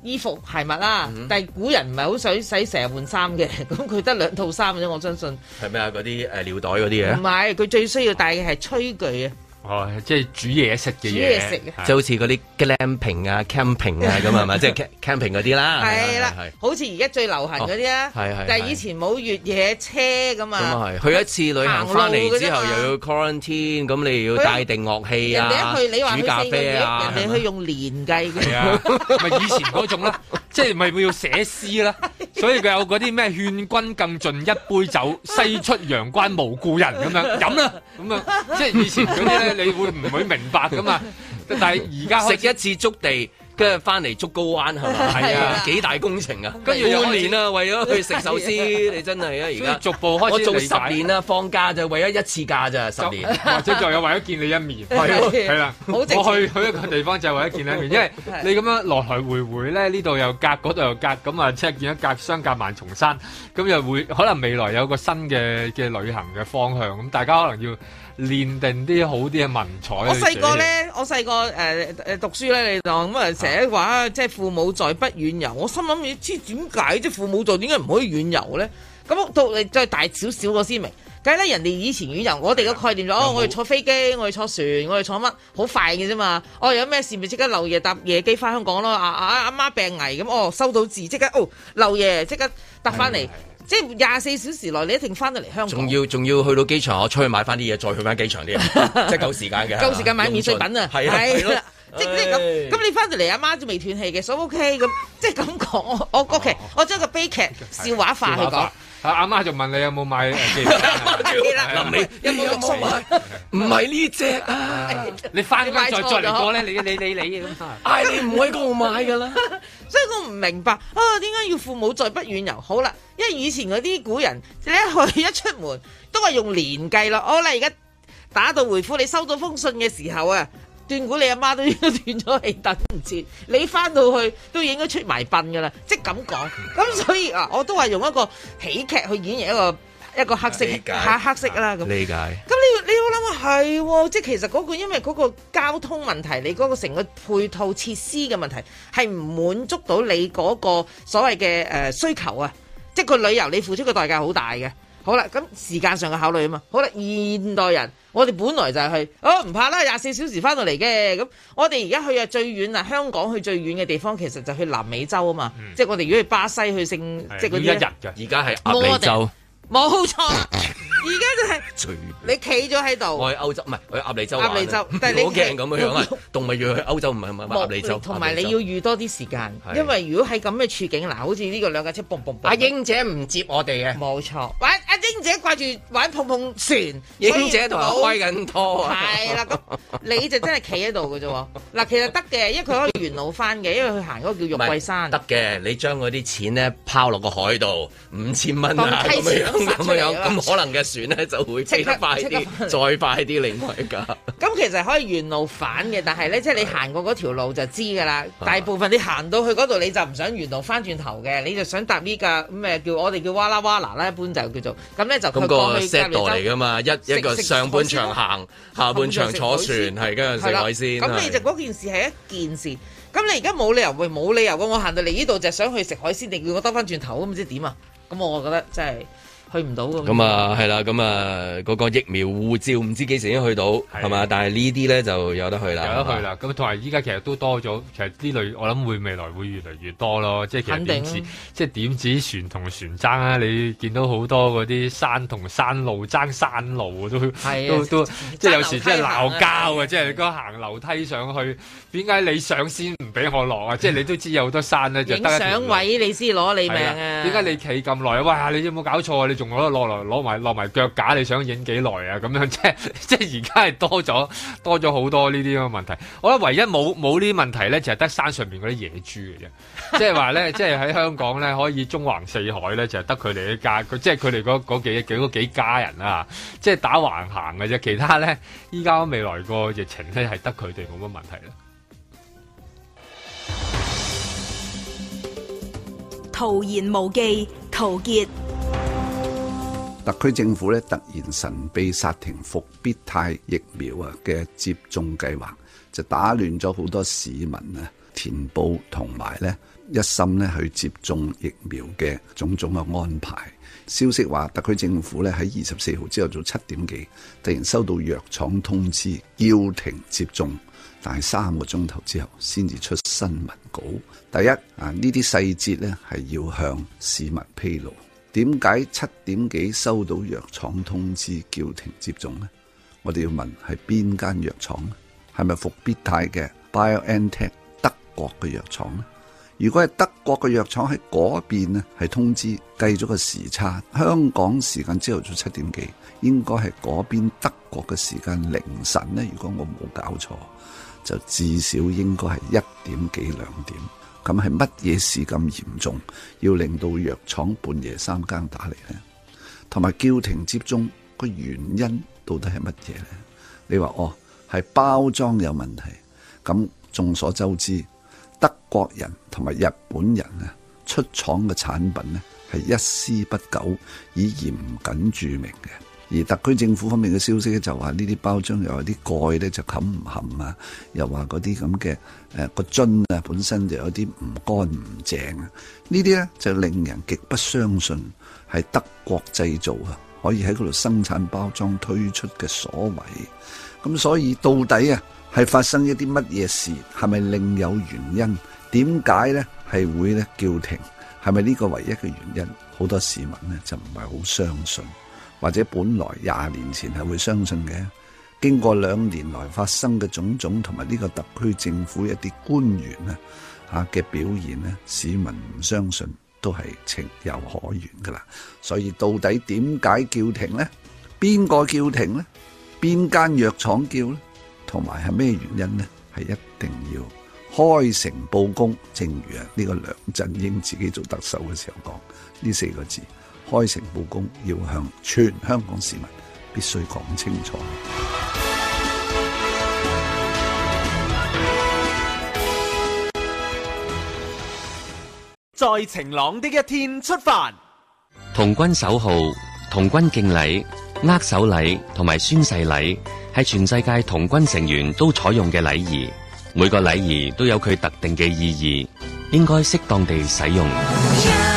衣服鞋襪啦，但係古人唔係好想洗成日換衫嘅，咁佢得兩套衫嘅啫，我相信。係咩啊？嗰啲誒尿袋嗰啲嘢？唔係，佢最需要帶嘅係炊具啊！哦，即係煮嘢食嘅嘢，即係好似嗰啲 glamping 啊、camping 啊咁啊嘛，即係 camping 嗰啲啦。係啦，係好似而家最流行嗰啲啊，但係以前冇越野車咁啊。咁啊係，去一次旅行翻嚟之後又要 quarantine，咁你要帶定樂器啊，煮咖啡啊，人哋去用年計嘅。係啊，咪以前嗰種啦，即係咪會要寫詩啦？所以佢有嗰啲咩勸君更盡一杯酒，西出陽關無故人咁樣飲啦，咁啊，即係以前嗰啲咧。你會唔會明白㗎嘛？但係而家食一次築地，跟住翻嚟竹篙灣係咪？係啊，幾大工程啊！跟住每年啊，為咗去食壽司，你真係啊！而家逐步開始理解。我做十年啦，放假就為咗一次假咋，十年。或者又有為咗見你一面，係啦，係啦。我去去一個地方就係為咗見你一面，因為你咁樣來來回回咧，呢度又隔，嗰度又隔，咁啊，即係見一隔，相隔萬重山。咁又會可能未來有個新嘅嘅旅行嘅方向，咁大家可能要。練定啲好啲嘅文采我。我細個咧，我細個誒誒讀書咧，你就咁啊，成日話即係父母在，不遠遊。我心諗你知點解，即父母在，點解唔可以遠遊咧？咁到你再大少少我先明，梗係咧，人哋以前遠遊，我哋個概念咗。的哦，我哋坐飛機，我哋坐船，我哋坐乜好快嘅啫嘛。哦，有咩事咪即刻留夜搭夜機翻香港咯。啊啊，阿、啊、媽、啊、病危咁，哦收到字即刻，哦留夜即刻搭翻嚟。即係廿四小時內，你一定翻到嚟香港。仲要仲要去到機場，我出去買翻啲嘢，再去翻機場啲，即係夠時間嘅。夠 [laughs] 時間買免稅品啊！係啊，即係即咁。咁你翻到嚟，阿媽仲未斷氣嘅，所以 OK 咁。即係咁講，我，我個劇，哦、我將個悲劇笑話化去講。阿阿、啊、媽，媽就問你有冇買機、啊、 [laughs] 啦？你一啲都冇買，唔係呢隻啊！ [laughs] 啊你翻返再再嚟講咧，你你你你咁，係你唔喺嗰度買㗎啦。 [laughs] 所以我唔明白啊，點解要父母在不遠遊？好啦，因為以前嗰啲古人，你一去一出門都係用年計咯。我咧而家打到回覆你收到封信嘅時候啊。斷估你阿媽都已經斷咗氣，等唔切。你翻到去都已經出埋殯㗎喇，即係咁講。咁所以啊，我都話用一個喜劇去演繹一個一個黑色嚇黑色啦咁。理解。咁解你你好諗下係即係其實嗰、嗰個因為嗰個交通問題，你嗰個成個配套設施嘅問題係唔滿足到你嗰個所謂嘅誒、呃、需求啊！即係個旅遊你付出嘅代價好大嘅。好啦，咁時間上嘅考慮啊嘛，好啦，現代人我哋本來就係去，哦唔怕啦，廿四小時翻到嚟嘅，咁我哋而家去啊最遠啊，香港去最遠嘅地方其實就去南美洲啊嘛，嗯、即係我哋如果去巴西去聖，是即係嗰啲一日嘅，而家係亞洲。冇錯，而家就係，你企咗喺度。我喺歐洲，唔係我喺鴨脷洲。鴨脷洲，但係你好驚咁樣啊？動物園去歐洲唔係去鴨脷洲。同埋你要預多啲時間，因為如果喺咁嘅處境，嗱，好似呢個兩架車 boom boom boom 阿英姐唔接我哋嘅。冇錯，玩阿英姐掛住玩碰碰船，英姐同我開緊拖。係啦，咁你就真係企喺度嘅啫。嗱，其實得嘅，因為佢可以原路翻嘅，因為佢行嗰個叫玉桂山。得嘅，你將嗰啲錢咧拋落個海度，五千蚊咁咁可能嘅船咧就會嚟得快啲，立刻立刻再快啲另外一架。咁 [laughs] 其實可以沿路返嘅，但係咧即係你行過嗰條路就知㗎啦。 [laughs] 大部分你行到去嗰度你就唔想沿路翻轉頭嘅，啊、你就想搭呢架咁，誒叫我哋叫哇啦哇啦啦，一般就叫做咁咧就咁個 set 嚟㗎嘛，一就一個吃上半場行，下半場坐船，係跟住食海鮮。咁你就嗰件事係一件事，咁你而家冇理由會冇理由咁，我行到嚟呢度就係想去食海鮮，定叫我兜翻轉頭都唔知點啊？咁我覺得即係。去唔到嘅。咁啊，係啦，咁啊，嗰個疫苗護照唔知幾時先去到，係嘛？但係呢啲咧就有得去啦，有得去啦。咁同埋依家其實都多咗，其實呢類我諗會未來會越嚟越多咯。即係其實，即係點止船同船爭啊！你見到好多嗰啲山同山路爭山路都都即係有時即係鬧交啊！即係嗰行樓梯上去，點解你上先唔俾我落啊？即係你都知有好多山咧，就得上位你先攞你命啊！點解你企咁耐啊？喂！你有冇搞錯啊？仲攞落嚟埋攞埋腳架，你想影幾耐啊？咁樣即即而家係多咗多咗好多呢啲咁嘅問題。我覺得唯一冇冇呢啲問題咧，就係得山上面嗰啲野豬嘅啫。即係話咧， [laughs] 即係喺香港咧可以縱橫四海咧，就係得佢哋一家，即係佢哋嗰嗰幾家人啊，即係打橫行嘅啫。其他咧依家未來個疫情咧，係得佢哋冇乜問題啦。陶言無忌，陶傑。特區政府咧突然神秘煞停復必泰疫苗啊嘅接種計劃，就打亂咗好多市民啊填報同埋咧一心咧去接種疫苗嘅種種嘅安排。消息話特區政府咧喺二十四號朝早七點幾突然收到藥廠通知，叫停接種，但係三個鐘頭之後先至出新聞稿。第一啊，呢啲細節咧係要向市民披露。點解七點幾收到藥廠通知叫停接種呢？我哋要問，係邊間藥廠呢？係咪復必泰嘅 BioNTech 德國嘅藥廠呢？如果係德國嘅藥廠喺嗰邊呢，係通知計咗個時差，香港時間朝頭早七點幾，應該係嗰邊德國嘅時間凌晨呢。如果我冇搞錯，就至少應該係一點幾兩點。咁係乜嘢事咁嚴重，要令到藥廠半夜三更打嚟呢？同埋叫停接種個原因到底係乜嘢呢？你話哦，係包裝有問題。咁眾所周知，德國人同埋日本人啊，出廠嘅產品呢，係一絲不苟，以嚴謹著名嘅。而特區政府方面嘅消息咧，就話呢啲包裝又有啲蓋咧就冚唔冚啊，又話嗰啲咁嘅誒個樽啊本身就有啲唔乾唔淨啊，呢啲咧就令人極不相信係德國製造啊，可以喺嗰度生產包裝推出嘅所謂。咁所以到底啊係發生一啲乜嘢事，係咪另有原因？點解咧係會咧叫停？係咪呢個唯一嘅原因？好多市民呢，就唔係好相信。或者本來廿年前係會相信嘅，經過兩年來發生嘅種種，同埋呢個特區政府一啲官員啊，吓嘅表現咧，市民唔相信都係情有可原噶啦。所以到底點解叫停咧？邊個叫停咧？邊間藥廠叫咧？同埋係咩原因咧？係一定要開誠布公。正如啊，呢個梁振英自己做特首嘅時候講呢四個字。開誠布公，要向全香港市民必須講清楚。在晴朗的一天出發，同軍手號、同軍敬禮、握手禮同埋宣誓禮，係全世界同軍成員都採用嘅禮儀。每個禮儀都有佢特定嘅意義，應該適當地使用。Yeah.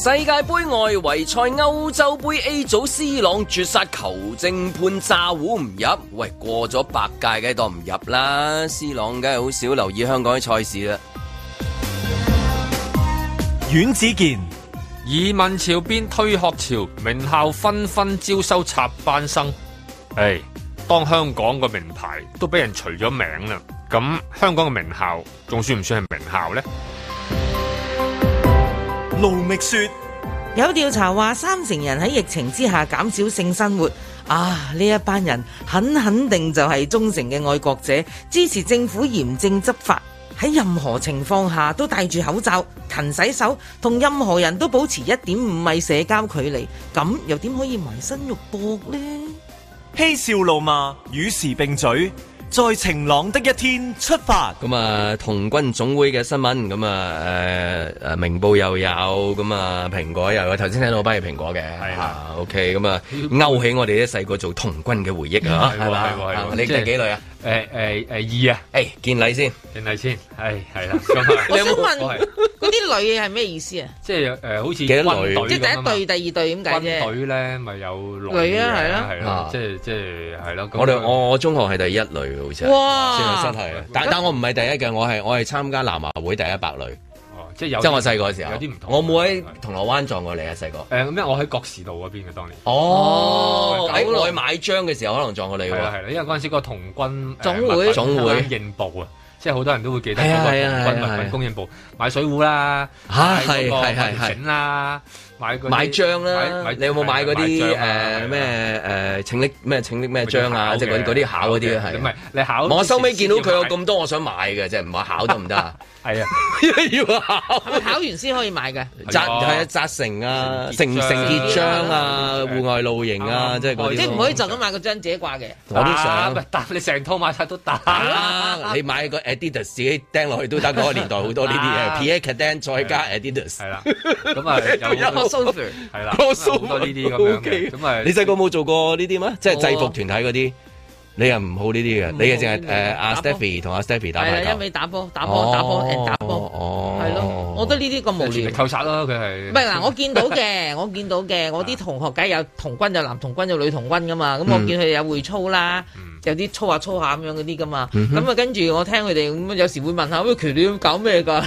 世界杯外圍賽歐洲杯 A 組，C 朗絕殺，球證判詐糊唔入。喂，過咗白界嘅都唔入啦！C 朗梗係好少留意香港嘅賽事啦。阮子健，移民潮變退學潮，名校紛紛招收插班生。唉、哎，當香港個名牌都俾人除咗名啦，咁香港嘅名校仲算唔算係名校呢？盧覓雪：有調查話，三成人喺疫情之下減少性生活。啊，呢一班人肯肯定就係忠誠嘅愛國者，支持政府嚴正執法。喺任何情況下都戴住口罩、勤洗手，同任何人都保持一點五米社交距離。咁又點可以埋身肉搏呢？嬉笑怒罵，與時並舉。在晴朗的一天出發。咁啊、嗯，童軍總會嘅新聞，咁、嗯、啊，誒、嗯、誒，明報又有，咁、嗯、啊，蘋果又有。頭先聽到我班係蘋果嘅，係啊，啊，OK。咁啊，勾起我哋啲細個做童軍嘅回憶啊，係啦吧。你係第幾旅啊？誒誒誒二啊！誒，見禮先，見禮先，係係啦。我想問嗰啲女係咩意思啊？即係誒，好似幾多女？即係第一隊、第二隊咁解啫。隊咧咪有女啊？係咯，即係即係係咯。我哋我我中學係第一女好似。哇！真係，但但我唔係第一嘅，我係我係參加南華會第一百女。即係我細個嘅時候，有啲唔同。我冇喺銅鑼灣撞過你啊，細個。誒咩？我喺國士道嗰邊嘅當年。哦，喺嗰度買張嘅時候，可能撞過你喎。啦，因為嗰陣時個童軍總會總會供應部啊，即係好多人都會記得嗰個童軍物品供應部買水壺啦，買個文具啦。買章啦，你有冇買嗰啲誒咩誒請啲咩請啲咩章啊？即係嗰啲考嗰啲係？係你考，我收尾見到佢有咁多我想買嘅，即係唔話考得唔得啊？係啊，要考。考完先可以買嘅。紮係啊，紮成啊，成成結章啊，戶外露營啊，即係嗰啲。即係唔可以就咁買個章自己掛嘅。我唔打？你成套買晒都打。你買個 Adidas 自己釘落去都得。嗰個年代好多呢啲嘢 p a d 再加 Adidas。係啦，咁啊又收住，係啦，多呢啲咁樣咁咪你細個冇做過呢啲咩？即係制服團體嗰啲，你又唔好呢啲嘅，你又淨係誒阿 Stephy 同阿 Stephy 打一味打波打波打波打波，哦，係咯，我覺得呢啲咁無聊，扣殺啦佢係，唔係嗱，我見到嘅，我見到嘅，我啲同學梗係有童軍，有男童軍，有女童軍噶嘛，咁我見佢哋有會操啦，有啲操下操下咁樣嗰啲噶嘛，咁啊跟住我聽佢哋咁啊有時會問下，喂，佢哋搞咩噶？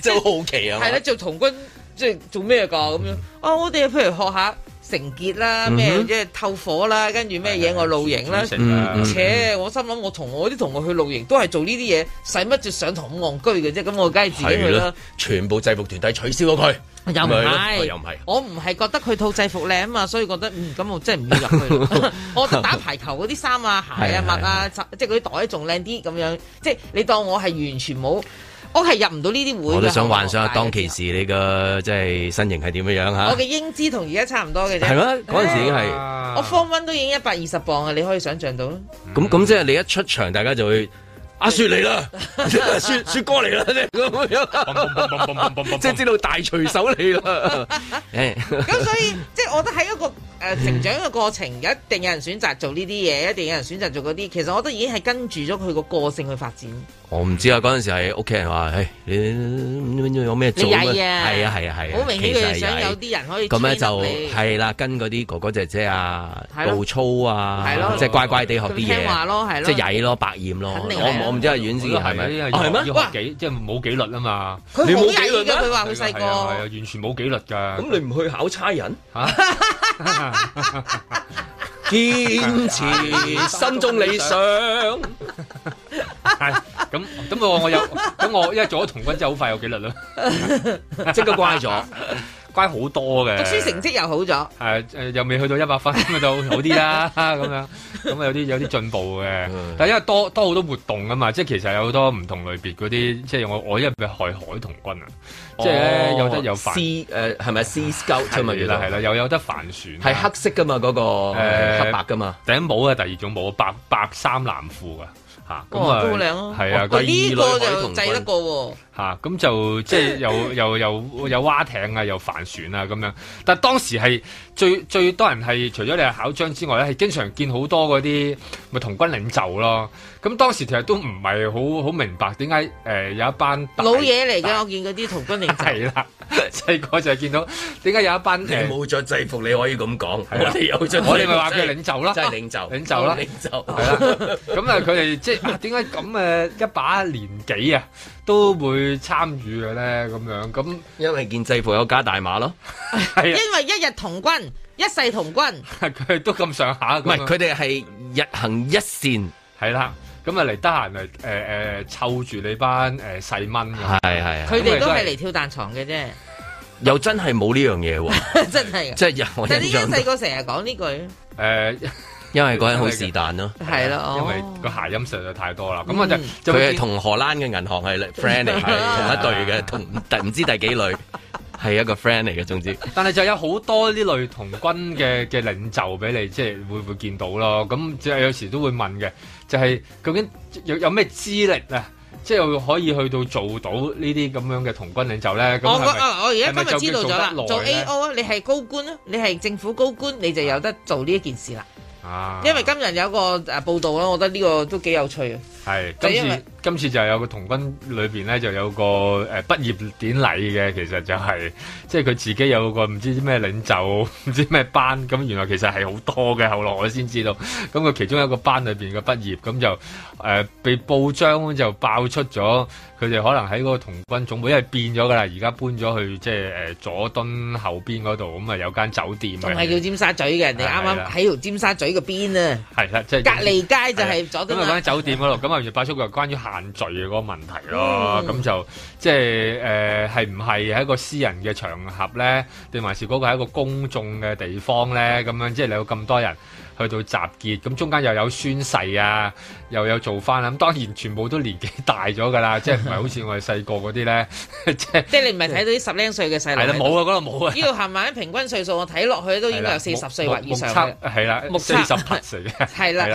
即係好奇啊，係咧做童軍。.即係做咩噶咁樣？啊、哦，我哋譬如學下成結啦，咩即係透火啦，跟住咩野外露營啦。嗯嗯、而且我心諗，我同我啲同學去露營都係做呢啲嘢，使乜着上堂咁戇居嘅啫？咁我梗係自己去啦。嗯、全部制服團體取消咗佢，又唔係，又唔係。我唔係覺得佢套制服靚啊嘛，所以覺得嗯，咁我真係唔會入去。 [laughs] [laughs] 我打排球嗰啲衫啊、鞋啊、襪啊的，即係嗰啲袋仲靚啲咁樣。即係你當我係完全冇。我係入唔到呢啲會，我都想幻想下、啊、當其時你個即係身形係點樣樣、啊、吓。我嘅英姿同而家差唔多嘅啫。係咩？嗰陣時係 [laughs] 我 form one 都已經一百二十磅啊！你可以想象到咯。咁咁、嗯、即係你一出場，大家就會阿雪嚟啦，雪 [laughs] 雪哥嚟啦，即係 [laughs] [laughs] [laughs] 知道大錘手嚟啦。咁 [laughs] [laughs] [laughs] 所以即係，我覺得喺一個誒成長嘅過程 [laughs] 一，一定有人選擇做呢啲嘢，一定有人選擇做嗰啲。其實我都已經係跟住咗佢個個性去發展。我唔知啊！嗰陣時係屋企人話，誒，你有咩做咧？係啊，係啊，係啊，好明顯，想有啲人可以咁咧就係啦，跟嗰啲哥哥姐姐啊，步操啊，即係乖乖地學啲嘢，聽話咯，係咯，即係曳咯，百厭咯。我我唔知係遠啲係咪？係咩？不過即係冇紀律啊嘛！你冇紀律啊！佢話細個完全冇紀律噶。咁你唔去考差人？堅持心中理想。咁咁、嗯嗯、我我又咁我因為做咗童軍真係好快有紀律、 [laughs] 啊、啦，即刻乖咗，乖好多嘅。讀書成績又好咗，係又未去到一百分咁就好啲啦咁樣，咁啊有啲有啲進步嘅。但係因為多多好多活動啊嘛，即係其實有好多唔同類別嗰啲，即係我我因為海海童軍啊，即係是、哦、有得有帆誒係咪 C Scout 啫嘛，原來係啦，又有得帆船，係黑色噶嘛嗰、那個黑白噶嘛，頂帽啊，第二種帽，白白衫藍褲啊。嚇，咁啊，都好靚咯，係哇、就是、啊，呢個就制得過喎、啊。啊吓，咁就即係又又又有蛙艇啊，又帆船啊咁樣。但係當時係最最多人係除咗你考章之外咧，係經常見好多嗰啲咪童軍領袖咯。咁當時其實都唔係好好明白點解誒有一班老嘢嚟嘅。我見嗰啲童軍領袖啦，細個就係見到點解有一班你冇着制服，你可以咁講。我哋有着，我哋咪話佢領袖咯，真係領袖，領袖啦，領袖係啦。咁啊，佢哋即係點解咁誒一把年紀啊？都會參與嘅咧，咁樣，咁因為件制服有加大碼咯，係、啊、因為一日同軍，一世同軍，佢都咁上下。唔係，佢哋係日行一善，係啦、嗯，咁啊嚟得閒嚟誒誒湊住你班誒細、呃呃、蚊。係係、啊，佢哋、啊、都係嚟跳彈床嘅啫，又真係冇呢樣嘢喎，真係、啊，即係日我印象。細個成日講呢句，誒。因為嗰人好、啊、是但咯，係咯，因為個諧音實在太多啦。咁、嗯、我就佢係同荷蘭嘅銀行係 friend 嚟，係的同一隊嘅， [laughs] 同第唔知第幾類係一個 friend 嚟嘅。總之，但係就有好多呢類童軍嘅嘅領袖俾你，即、就、係、是、會唔會見到咯？咁即係有時都會問嘅，就係、是、究竟有咩資歷啊？即、就、係、是、可以去到做到呢啲咁樣嘅童軍領袖咧？我我而家今日知道咗啦，做 A O 啊，你係高官，你係政府高官，你就有得做呢一件事啦。因為今日有一個誒報道啦，我覺得呢個都幾有趣嘅，就因為。今次就有個童軍裏邊咧，就有個誒畢業典禮嘅，其實就係、是、即係佢自己有個唔知咩領袖，唔知咩班咁，原來其實係好多嘅，後來我先知道。咁佢其中一個班裏邊嘅畢業，咁就誒、呃、被報章就爆出咗，佢哋可能喺嗰個童軍總會，因為變咗噶啦，而家搬咗去即係誒佐敦後邊嗰度，咁啊有間酒店，仲係叫尖沙咀嘅，的你啱啱喺尖沙咀嗰邊啊，係啦，即、就、係、是、隔離街就係佐敦，咁啊揾酒店嗰度，咁啊就爆出個關於犯罪嘅嗰個問題咯，咁就即係誒係唔係喺一個私人嘅場合咧，定還是嗰個係一個公眾嘅地方咧？咁樣即係你有咁多人。去到集結，咁中間又有宣誓啊，又有做翻啦。咁當然全部都年紀大咗㗎啦，即係唔係好似我哋細個嗰啲咧？即係你唔係睇到啲十零歲嘅細路？係啦，冇啊，嗰度冇啊。呢個行埋平均歲數，我睇落去都應該有四十歲或以上嘅。係啦，目測四十八歲嘅。係啦，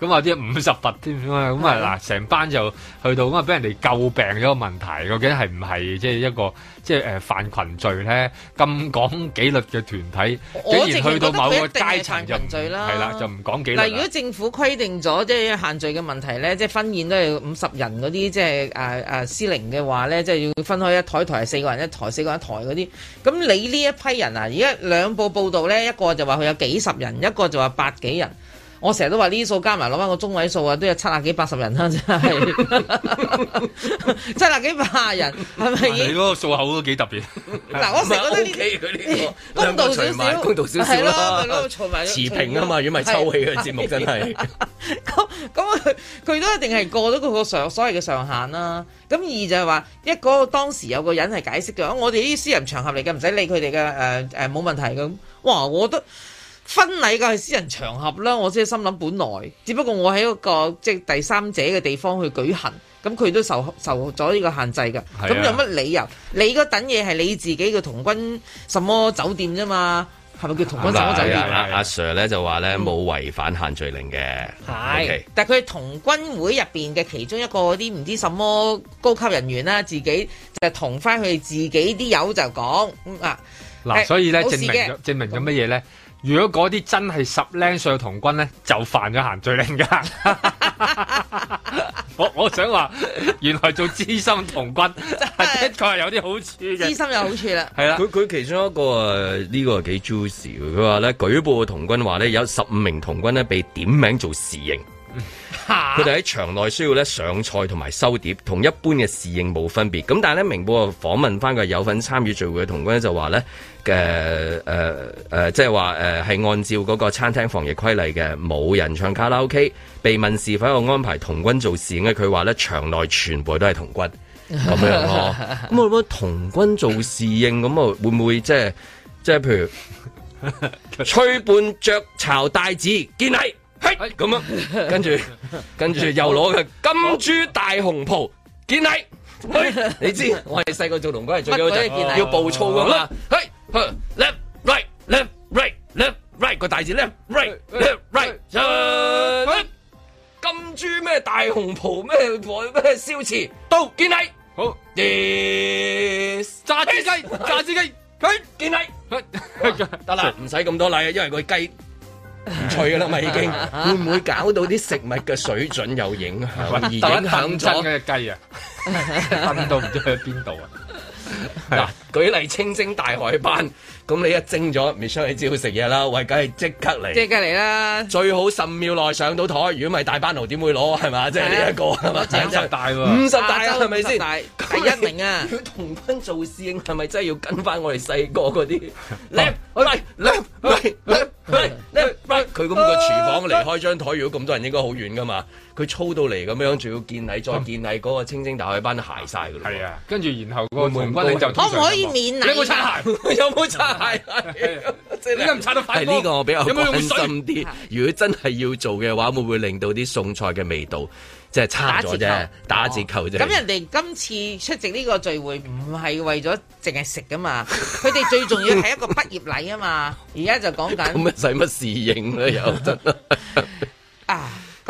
咁啊啲五十八添咁啊嗱，成班就去到咁啊，俾人哋詬病咗個問題，究竟係唔係即係一個即係誒犯群罪咧？咁講紀律嘅團體，竟然去到某個階層入。係啦。就唔講幾。嗱，如果政府規定咗即係限聚嘅問題咧，即係婚宴都係五十人嗰啲，即係誒誒司令嘅話咧，即係要分開一台台係四個人，一台四個人一台嗰啲。咁你呢一批人啊，而家兩報報導咧，一個就話佢有幾十人，一個就話百幾人。我成日都話呢啲數加埋攞翻個中位數啊，都有七啊幾八十人啦，真係 [laughs] 七啊幾八十人，係咪？你嗰個數口都幾特別。嗱，我成日覺得呢啲、OK 這個、公道點點個隨賣，公道少少啦。持平啊嘛，如果咪抽氣嘅節目真係。咁咁佢都一定係過咗嗰個上所謂嘅上限啦、啊。咁二就係話，一個當時有個人係解釋嘅，我哋啲私人場合嚟嘅，唔使理佢哋嘅誒誒冇問題咁。哇、呃呃呃呃呃，我覺得。婚禮嘅係私人場合啦，我先心諗本來，只不過我喺一個即係第三者嘅地方去舉行，咁佢都受受咗呢個限制嘅。咁、啊、有乜理由？你嗰等嘢係你自己嘅同軍什麼酒店啫嘛？係咪叫同軍什麼酒店？阿、嗯嗯嗯啊、Sir 咧就話咧冇違反限聚令嘅。係，但係佢同軍會入邊嘅其中一個啲唔知什麼高級人員啦，自己就同翻佢自己啲友就講、嗯、啊。嗱，所以咧證明證明咗乜嘢咧？如果嗰啲真係十零歲童軍咧，就犯咗行罪令㗎。我我想話，原來做資深童軍， [laughs] 真係是確係有啲好處嘅。資深有好處啦。係啦的，佢佢其中一個誒，這個、呢個係幾 juicy 嘅。佢話咧，舉報嘅童軍話咧，有十五名童軍咧被點名做侍刑。嗯佢哋喺場內需要咧上菜同埋收碟，同一般嘅侍應冇分別。咁但係咧，明報訪問翻個有份參與聚會嘅童軍咧，就話咧嘅誒誒，即係話誒，係、呃、按照嗰個餐廳防疫規例嘅，冇人唱卡拉 OK。被問是否有安排童軍做侍應嘅，佢話咧場內全部都係童軍咁 [laughs] 樣咯。咁我諗童軍做侍應，咁啊會唔會即係即係譬如 [laughs] 吹伴雀巢帶子見禮，見係咁樣，跟住跟住又攞嘅金豬大紅袍，見禮。係你知，我係細個做龍哥係最好，要步操噶嘛。係，left right left right left right 個大字 left right left right。金豬咩大紅袍咩咩燒刺刀，見禮。好，耶。炸雞雞，炸雞雞，係見禮。得啦，唔使咁多禮，因為個雞。唔脆噶啦嘛，已經會唔會搞到啲食物嘅水準有影響，而影響咗真嘅雞啊，分 [laughs] 到唔知去邊度啊？嗱的，舉例清蒸大海斑。咁你一蒸咗，咪你只照食嘢啦，喂，梗係即刻嚟。即刻嚟啦！最好十秒內上到台，如果唔係大班奴點會攞係嘛？即係呢一個，長就大五十大係咪先？第一名啊！佢同分做侍應係咪真係要跟翻我哋細個嗰啲？佢咁個廚房離開張台，如果咁多人應該好遠㗎嘛？佢操到嚟咁樣，仲要見禮再見禮，嗰個清蒸大海斑都鞋晒噶喇。係啊，跟住然後個紅軍領袖可唔可以免禮？有冇擦鞋？有冇擦鞋？唔擦得快？係呢個我比較好心啲。如果真係要做嘅話，會唔會令到啲餸菜嘅味道即係差咗啫？打折扣啫。咁人哋今次出席呢個聚會，唔係為咗淨係食噶嘛？佢哋最重要係一個畢業禮啊嘛。而家就講緊。咁使乜侍應啊？又得？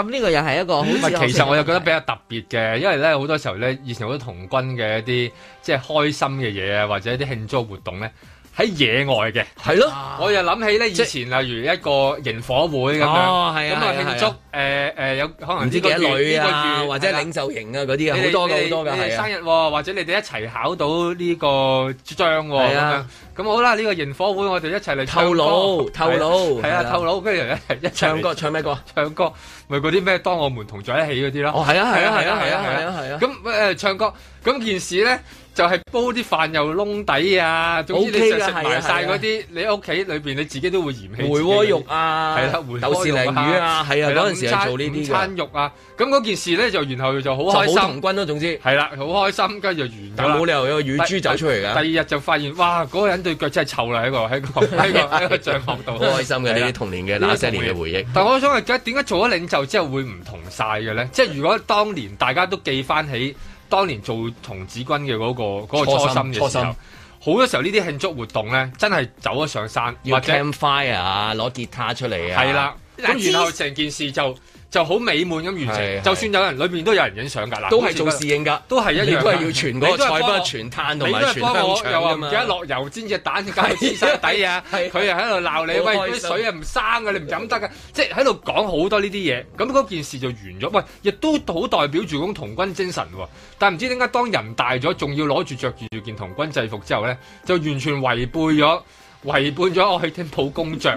咁呢個又係一個，唔係其實我又覺得比較特別嘅，因為咧好多時候咧，以前好多童軍嘅一啲即係開心嘅嘢啊，或者一啲慶祝活動咧，喺野外嘅，係咯，我又諗起咧以前例如一個營火會咁樣，咁啊慶祝誒誒有可能唔知幾多女啊，或者領袖營啊嗰啲啊，好多好多嘅，你哋生日或者你哋一齊考到呢個章喎咁樣。咁好啦，呢個營火會我哋一齊嚟透露，透露，係啊，透露，跟住一齊一唱歌，唱咩歌？唱歌咪嗰啲咩？當我們同在一起嗰啲咯。哦，係啊，係啊，係啊，係啊，係啊，係啊。咁誒，唱歌咁件事咧。就係煲啲飯又燶底啊，總之你食埋晒嗰啲，你屋企裏邊你自己都會嫌棄。回鍋肉啊，係啦，豆豉鯪魚啊，係啊，嗰陣時係做呢啲午餐肉啊，咁嗰件事咧就然後就好開心，好同軍總之係啦，好開心，跟住就完。有冇理由有乳豬走出嚟㗎？第二日就發現哇，嗰個人對腳真係臭啦！喺個喺個喺個帳篷度，開心嘅呢啲童年嘅那些年嘅回憶。但我想係點解做咗領袖之後會唔同晒嘅咧？即係如果當年大家都記翻起。當年做童子軍嘅嗰個初心嘅時候，心好多時候呢啲慶祝活動咧，真係走咗上山，要 camp fire，或者 fire 啊，攞吉他出嚟啊，係啦了，咁然後成件事就。就好美滿咁完成，就算有人裏面都有人影相㗎，嗱都係做侍應㗎，都係一樣，都係要傳個菜，傳炭同埋，全翻好長㗎嘛。一落油煎隻蛋就搞黐曬底啊！佢又喺度鬧你，喂，啲水啊唔生㗎，你唔飲得㗎，即係喺度講好多呢啲嘢。咁嗰件事就完咗，喂，亦都好代表住種童軍精神喎。但係唔知點解當人大咗，仲要攞住着住件童軍制服之後咧，就完全違背咗。違背咗我去聽普工著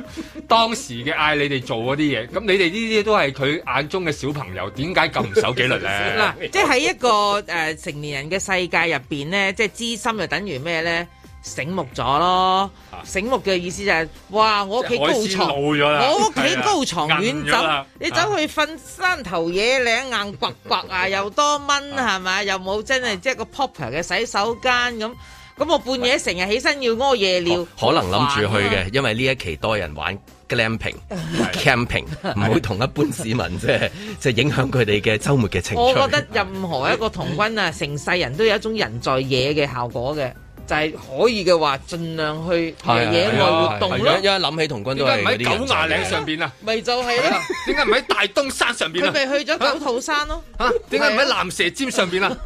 當時嘅嗌你哋做嗰啲嘢，咁你哋呢啲都係佢眼中嘅小朋友，點解咁唔守紀律咧？嗱，即係喺一個誒成年人嘅世界入邊咧，即係知心就等於咩咧？醒目咗咯，醒目嘅意思就係、是、哇，我屋企高牀，我屋企高牀軟枕，啊、你走去瞓山頭野嶺硬掘掘啊，又多蚊係咪、啊？又冇真係即係個 p o p e r 嘅洗手間咁。咁我半夜成是日起身要屙夜尿，好可能諗住去嘅，啊、因為呢一期多人玩 glamping [laughs] camping，唔會同一般市民啫， [laughs] 即係影響佢哋嘅周末嘅情趣。我覺得任何一個童軍啊， [laughs] 成世人都有一種人在野嘅效果嘅。就係可以嘅話，盡量去野外活動啦。一諗起童軍都係呢啲。點解唔喺九牙嶺上邊啊？咪就係咯。點解唔喺大東山上邊？佢咪去咗九肚山咯。吓？點解唔喺蚺蛇尖上邊啊？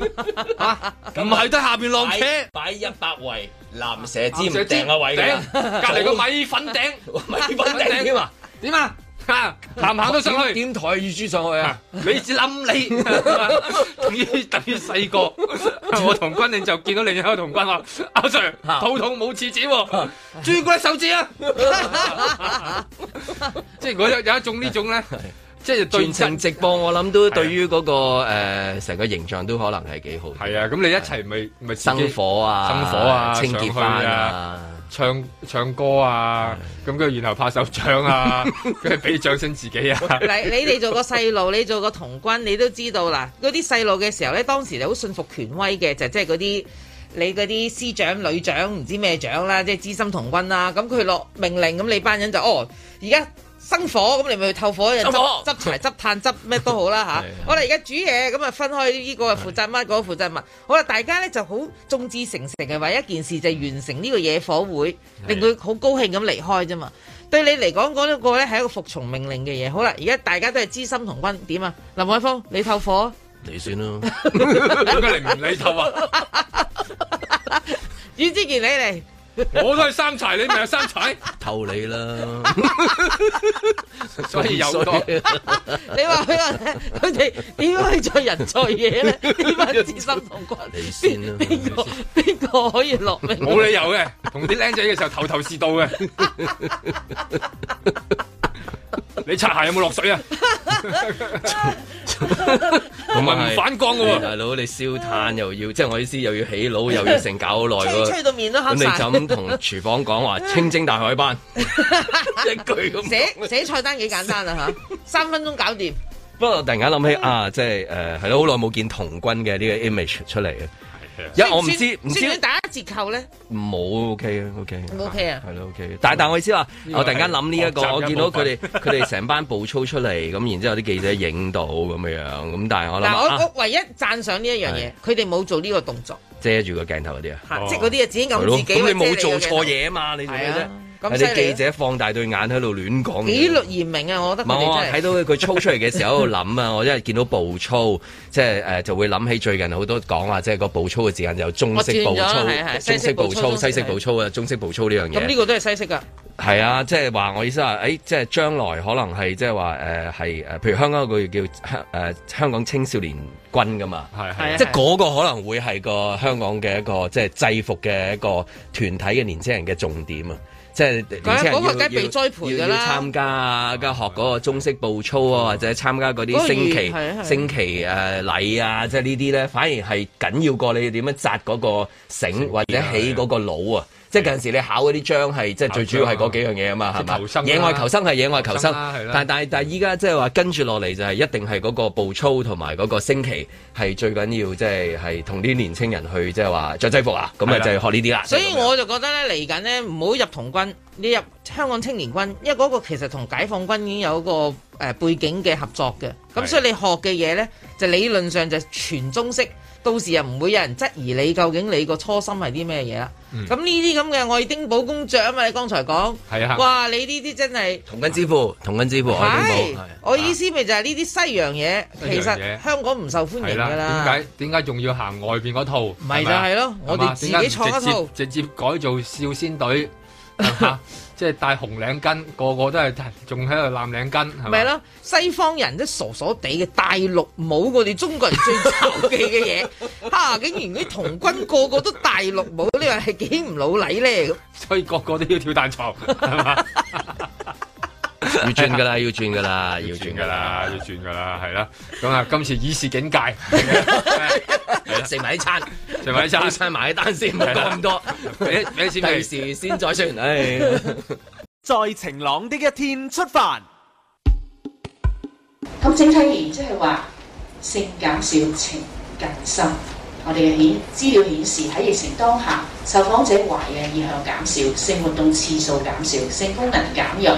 唔係得下邊浪車。擺一百圍蚺蛇尖唔掟阿位噶，隔籬個米粉頂，米粉頂點啊？吓，行行都上去，點台玉珠上去啊？你冧，你，等於等於細個，我同軍你就見到另一個同軍話阿 Sir 肚痛冇廁紙，轉過手指啊。即係有一種呢種咧，即係全程直播，我諗都對於嗰個誒成個形象都可能係幾好。係啊，咁你一齊咪咪生火啊，生火啊，清潔翻啊。唱唱歌啊，咁跟住，然後拍手掌啊，跟住俾掌聲自己啊。嚟 [laughs] [laughs] 你哋做個細路，你做個童軍，你都知道啦。嗰啲細路嘅時候呢，當時你好信服權威嘅，就即係嗰啲你嗰啲司長、女長唔知咩長啦，即係資深童軍啦。咁佢落命令，咁你班人就哦，而家。生火咁，你咪去透火，執柴、執炭、執咩都好啦吓。好啦，而家煮嘢咁啊，分開呢個負責乜，嗰個負責乜。好啦，大家咧就好眾志成城，係為一件事就完成呢個野火會，令佢好高興咁離開啫嘛。對你嚟講嗰一個咧係一個服從命令嘅嘢。好啦，而家大家都係知心同軍，點啊？林海峰，你透火？你算啦，點解你唔理透啊？尹之健，你嚟。我都係三財，你咪係三財，投你啦。所以有得，你話佢話佢哋點解做人做嘢咧？點解至心痛骨你先咧？邊個邊個可以落命？冇理由嘅，同啲僆仔嘅時候頭頭是道嘅。你擦鞋有冇落水啊？同埋唔反光嘅喎、啊，大佬你燒炭又要，即係我意思又要起爐，又要成搞好耐，吹，吹到面咯咁你就咁同廚房講話清蒸大海斑， [laughs] 一句咁。寫寫菜單幾簡單啊嚇， [laughs] 三分鐘搞掂。不過我突然間諗起啊，即係誒，係、呃、咯，好耐冇見童軍嘅呢個 image 出嚟嘅。因為我唔知唔知打折扣咧，冇 OK 啊 OK，OK 啊，係咯 OK。但但我意思話，我突然間諗呢一個，我見到佢哋佢哋成班步操出嚟，咁然之後啲記者影到咁樣樣，咁但係我諗我唯一讚賞呢一樣嘢，佢哋冇做呢個動作，遮住個鏡頭嗰啲啊，即係嗰啲啊，自己暗自己咁你冇做錯嘢嘛？你做嘅啫。我哋記者放大對眼喺度亂講嘢，紀律嚴明啊！我覺得。睇到佢操出嚟嘅時候喺度諗啊！我一為見到步操，即係誒就會諗起最近好多講話，即係個步操嘅字眼有中式步操、中式步操、西式步操、啊！中式步操呢樣嘢。呢個都係西式噶。係啊，即係話我意思話，誒，即係將來可能係即係話誒係誒，譬如香港有個叫香香港青少年軍噶嘛，係即係嗰個可能會係個香港嘅一個即係制服嘅一個團體嘅年青人嘅重點啊。即係年輕人要參加啊，跟學嗰個中式步操啊，嗯、或者參加嗰啲升旗、升、嗯、旗誒、呃、禮啊，即係呢啲咧，反而係緊要過你點樣紮嗰個繩或者起嗰個腦啊。即係嗰陣時，你考嗰啲章係即係最主要係嗰幾樣嘢啊嘛，係嘛？野外求生係野外求生，但係但係但係依家即係話跟住落嚟就係一定係嗰個步操同埋嗰個升旗係最緊要，即係係同啲年青人去即係話着制服啊，咁啊就係學呢啲啦。所以我就覺得咧，嚟緊呢唔好入童軍，你入香港青年軍，因為嗰個其實同解放軍已經有一個誒背景嘅合作嘅，咁所以你學嘅嘢呢，就理論上就係全中式。到時又唔會有人質疑你究竟你個初心係啲咩嘢啦。咁呢啲咁嘅愛丁堡公爵啊嘛！你剛才講，哇！你呢啲真係同根之父，同根之父，愛丁堡，我意思咪就係呢啲西洋嘢，其實香港唔受歡迎㗎啦。點解點解仲要行外邊嗰套？咪就係咯，我哋自己創一套，直接改做少先隊嚇。即係戴紅領巾，個個都係，仲喺度攬領巾，係咪？咪西方人都傻傻地嘅大陸舞，戴綠帽我哋中國人最醜嘅嘢，嚇、 [laughs] 啊！竟然啲童軍個個都戴綠帽， [laughs] 呢樣係幾唔老禮咧？所以個個都要跳彈床。係咪？ [laughs] [laughs] [laughs] 要轉噶啦，要轉噶啦，要轉噶啦，要轉噶啦，係啦。咁啊，今次以示警戒，食 [laughs] 埋 [laughs] 一餐，食埋 [laughs] 一餐，餐埋單先，唔講咁多，俾俾 [laughs] 錢，第時先再算。唉，在晴朗的一天出發。咁 [laughs] 整 [laughs] 體而言，即係話性減少，情更深。我哋嘅顯資料顯示喺疫情當下，受訪者懷孕意向減少，性活動次數減少，性功能減弱。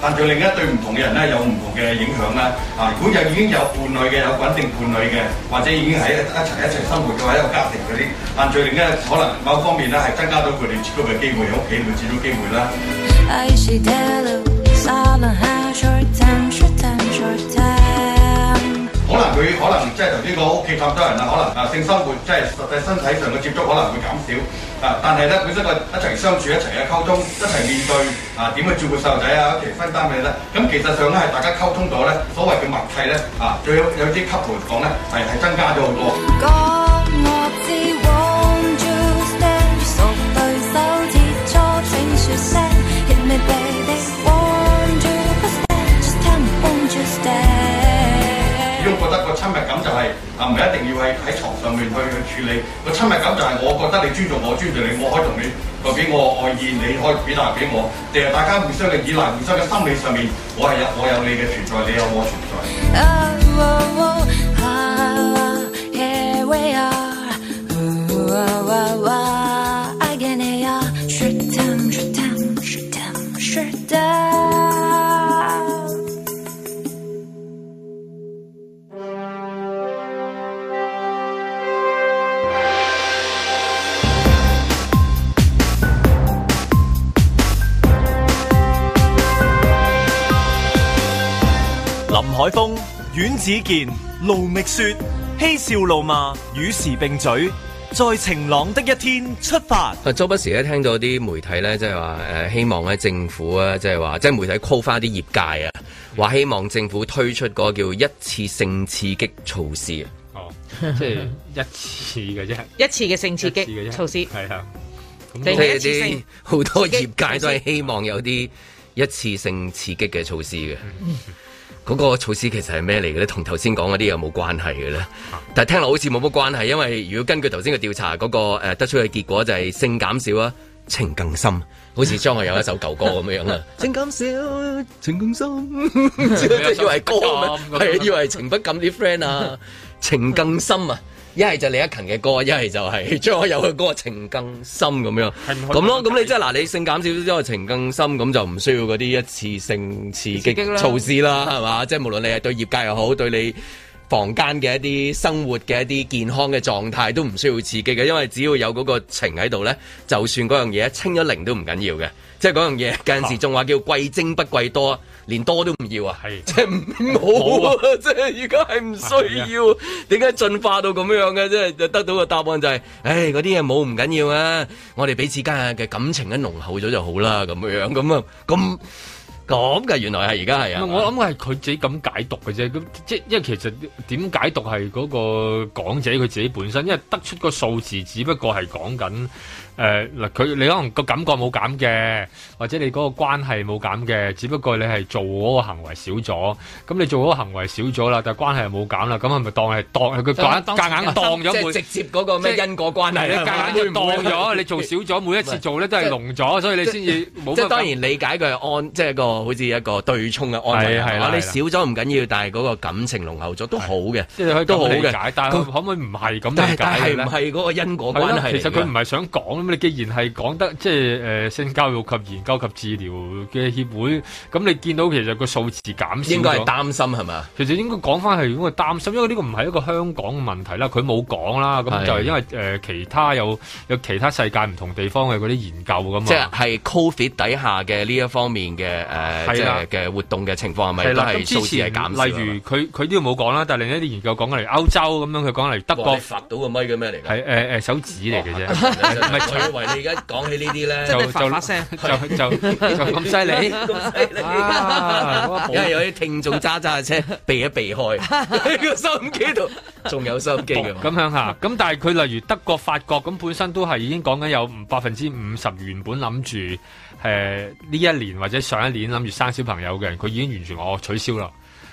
但對另一對唔同嘅人咧，有唔同嘅影響啦。啊，如果又已經有伴侶嘅，有穩定伴侶嘅，或者已經喺一齊一齊生活嘅話，一個家庭嗰啲，但最另一可能某方面咧，係增加到佢哋接觸嘅機會，喺屋企會接觸機會啦。可能佢可能即係頭先講屋企咁多人啦，可能啊性生活即係實際身體上嘅接觸可能會減少啊，但係咧本身個一齊相處一齊嘅溝通、一齊面對啊點去照顧細路仔啊，一齊、啊、分擔嘅咧，咁、啊、其實上咧係大家溝通咗咧，所謂嘅默契咧啊，又有有啲級別講咧係係增加咗好多。覺得個親密感就係、是、啊，唔係一定要喺喺牀上面去去處理。個親密感就係、是，我覺得你尊重我，尊重你，我可以同你代表我愛意，你可以表達俾我。定係大家互相嘅依賴，互相嘅心理上面，我係有我有你嘅存在，你有我存在。 [music] 子健、盧覓雪、嬉笑怒罵與時並嘴，在晴朗的一天出發。啊，周不時咧聽到啲媒體咧，即係話誒，希望咧政府啊，即係話，即係媒體 call 翻啲業界啊，話希望政府推出嗰個叫一次性刺激措施啊。 [music] 哦，即、就、係、是、一次嘅啫， [laughs] [music] 一次嘅性刺激措施係啊。即係啲好多業界都係希望有啲一,一次性刺激嘅措施嘅。 [music] [music] 嗰個措施其實係咩嚟嘅咧？同頭先講嗰啲有冇關係嘅咧？但聽落好似冇乜關係，因為如果根據頭先嘅調查嗰、嗰個得出嘅結果就係性減少啊，情更深，好似張學友一首舊歌咁樣啊。性減少，情更深，即係以為歌係以為情不減啲 friend 啊，情更深啊。 [laughs] [laughs] 是是一係就李克勤嘅歌，一係就係張學友嘅歌，情更深咁 [laughs] 樣，咁咯， [laughs] 咁你即係嗱，你性減少咗，情更深，咁就唔需要嗰啲一次性刺激措施刺激啦， [laughs] 係嘛？即係無論你係對業界又好， [laughs] 對你。房間嘅一啲生活嘅一啲健康嘅狀態都唔需要刺激嘅，因為只要有嗰個情喺度咧，就算嗰樣嘢清咗零都唔緊要嘅。即係嗰樣嘢，有陣時仲話叫貴精不貴多，連多都唔要啊！係！即係好啊！即係而家係唔需要，點解進化到咁樣嘅？即係就得到個答案就係、是，唉，嗰啲嘢冇唔緊要啊！我哋彼此間嘅感情一濃厚咗就好啦，咁樣樣咁啊咁。講㗎，原來係而家係啊！我諗係佢自己咁解讀嘅啫，咁即係因為其實點解讀係嗰個講者佢自己本身，因為得出個數字，只不過係講緊。誒嗱，佢你可能個感覺冇減嘅，或者你嗰個關係冇減嘅，只不過你係做嗰個行為少咗。咁你做嗰個行為少咗啦，但係關係又冇減啦，咁係咪當係當佢夾硬當咗？即係直接嗰個咩因果關係咧？夾硬當咗，你做少咗每一次做咧都係濃咗，所以你先至即係當然理解佢係安，即係個好似一個對沖嘅安慰係啊。你少咗唔緊要，但係嗰個感情濃厚咗都好嘅，都好解。但係可唔可以唔係咁嚟解咧？但係唔係嗰個因果關係？其實佢唔係想講。咁你、嗯、既然係講得即係誒、呃、性教育及研究及治療嘅協會，咁、嗯、你見到其實個數字減少咗，應該係擔心係嘛？其實應該講翻係如果佢擔心，因為呢個唔係一個香港嘅問題啦，佢冇講啦，咁、嗯、的就係因為誒、呃、其他有有其他世界唔同地方嘅嗰啲研究咁啊，即係 COVID 底下嘅呢一方面嘅誒嘅活動嘅情況係咪都係數字係減少？例如佢佢都要冇講啦，但係另一啲研究講緊嚟歐洲咁樣，佢講嚟德國發到個咪叫咩嚟㗎？係誒誒手指嚟嘅啫，以 [laughs] 為你而家講起呢啲咧，就發發聲，就就咁犀利，因為、 [laughs] 啊、有啲聽眾揸揸下車，避一避開，個收音機度仲有收音機嘅。咁樣嚇，咁但係佢例如德國、法國咁，本身都係已經講緊有百分之五十，原本諗住誒呢一年或者上一年諗住生小朋友嘅人，佢已經完全我、哦、取消啦。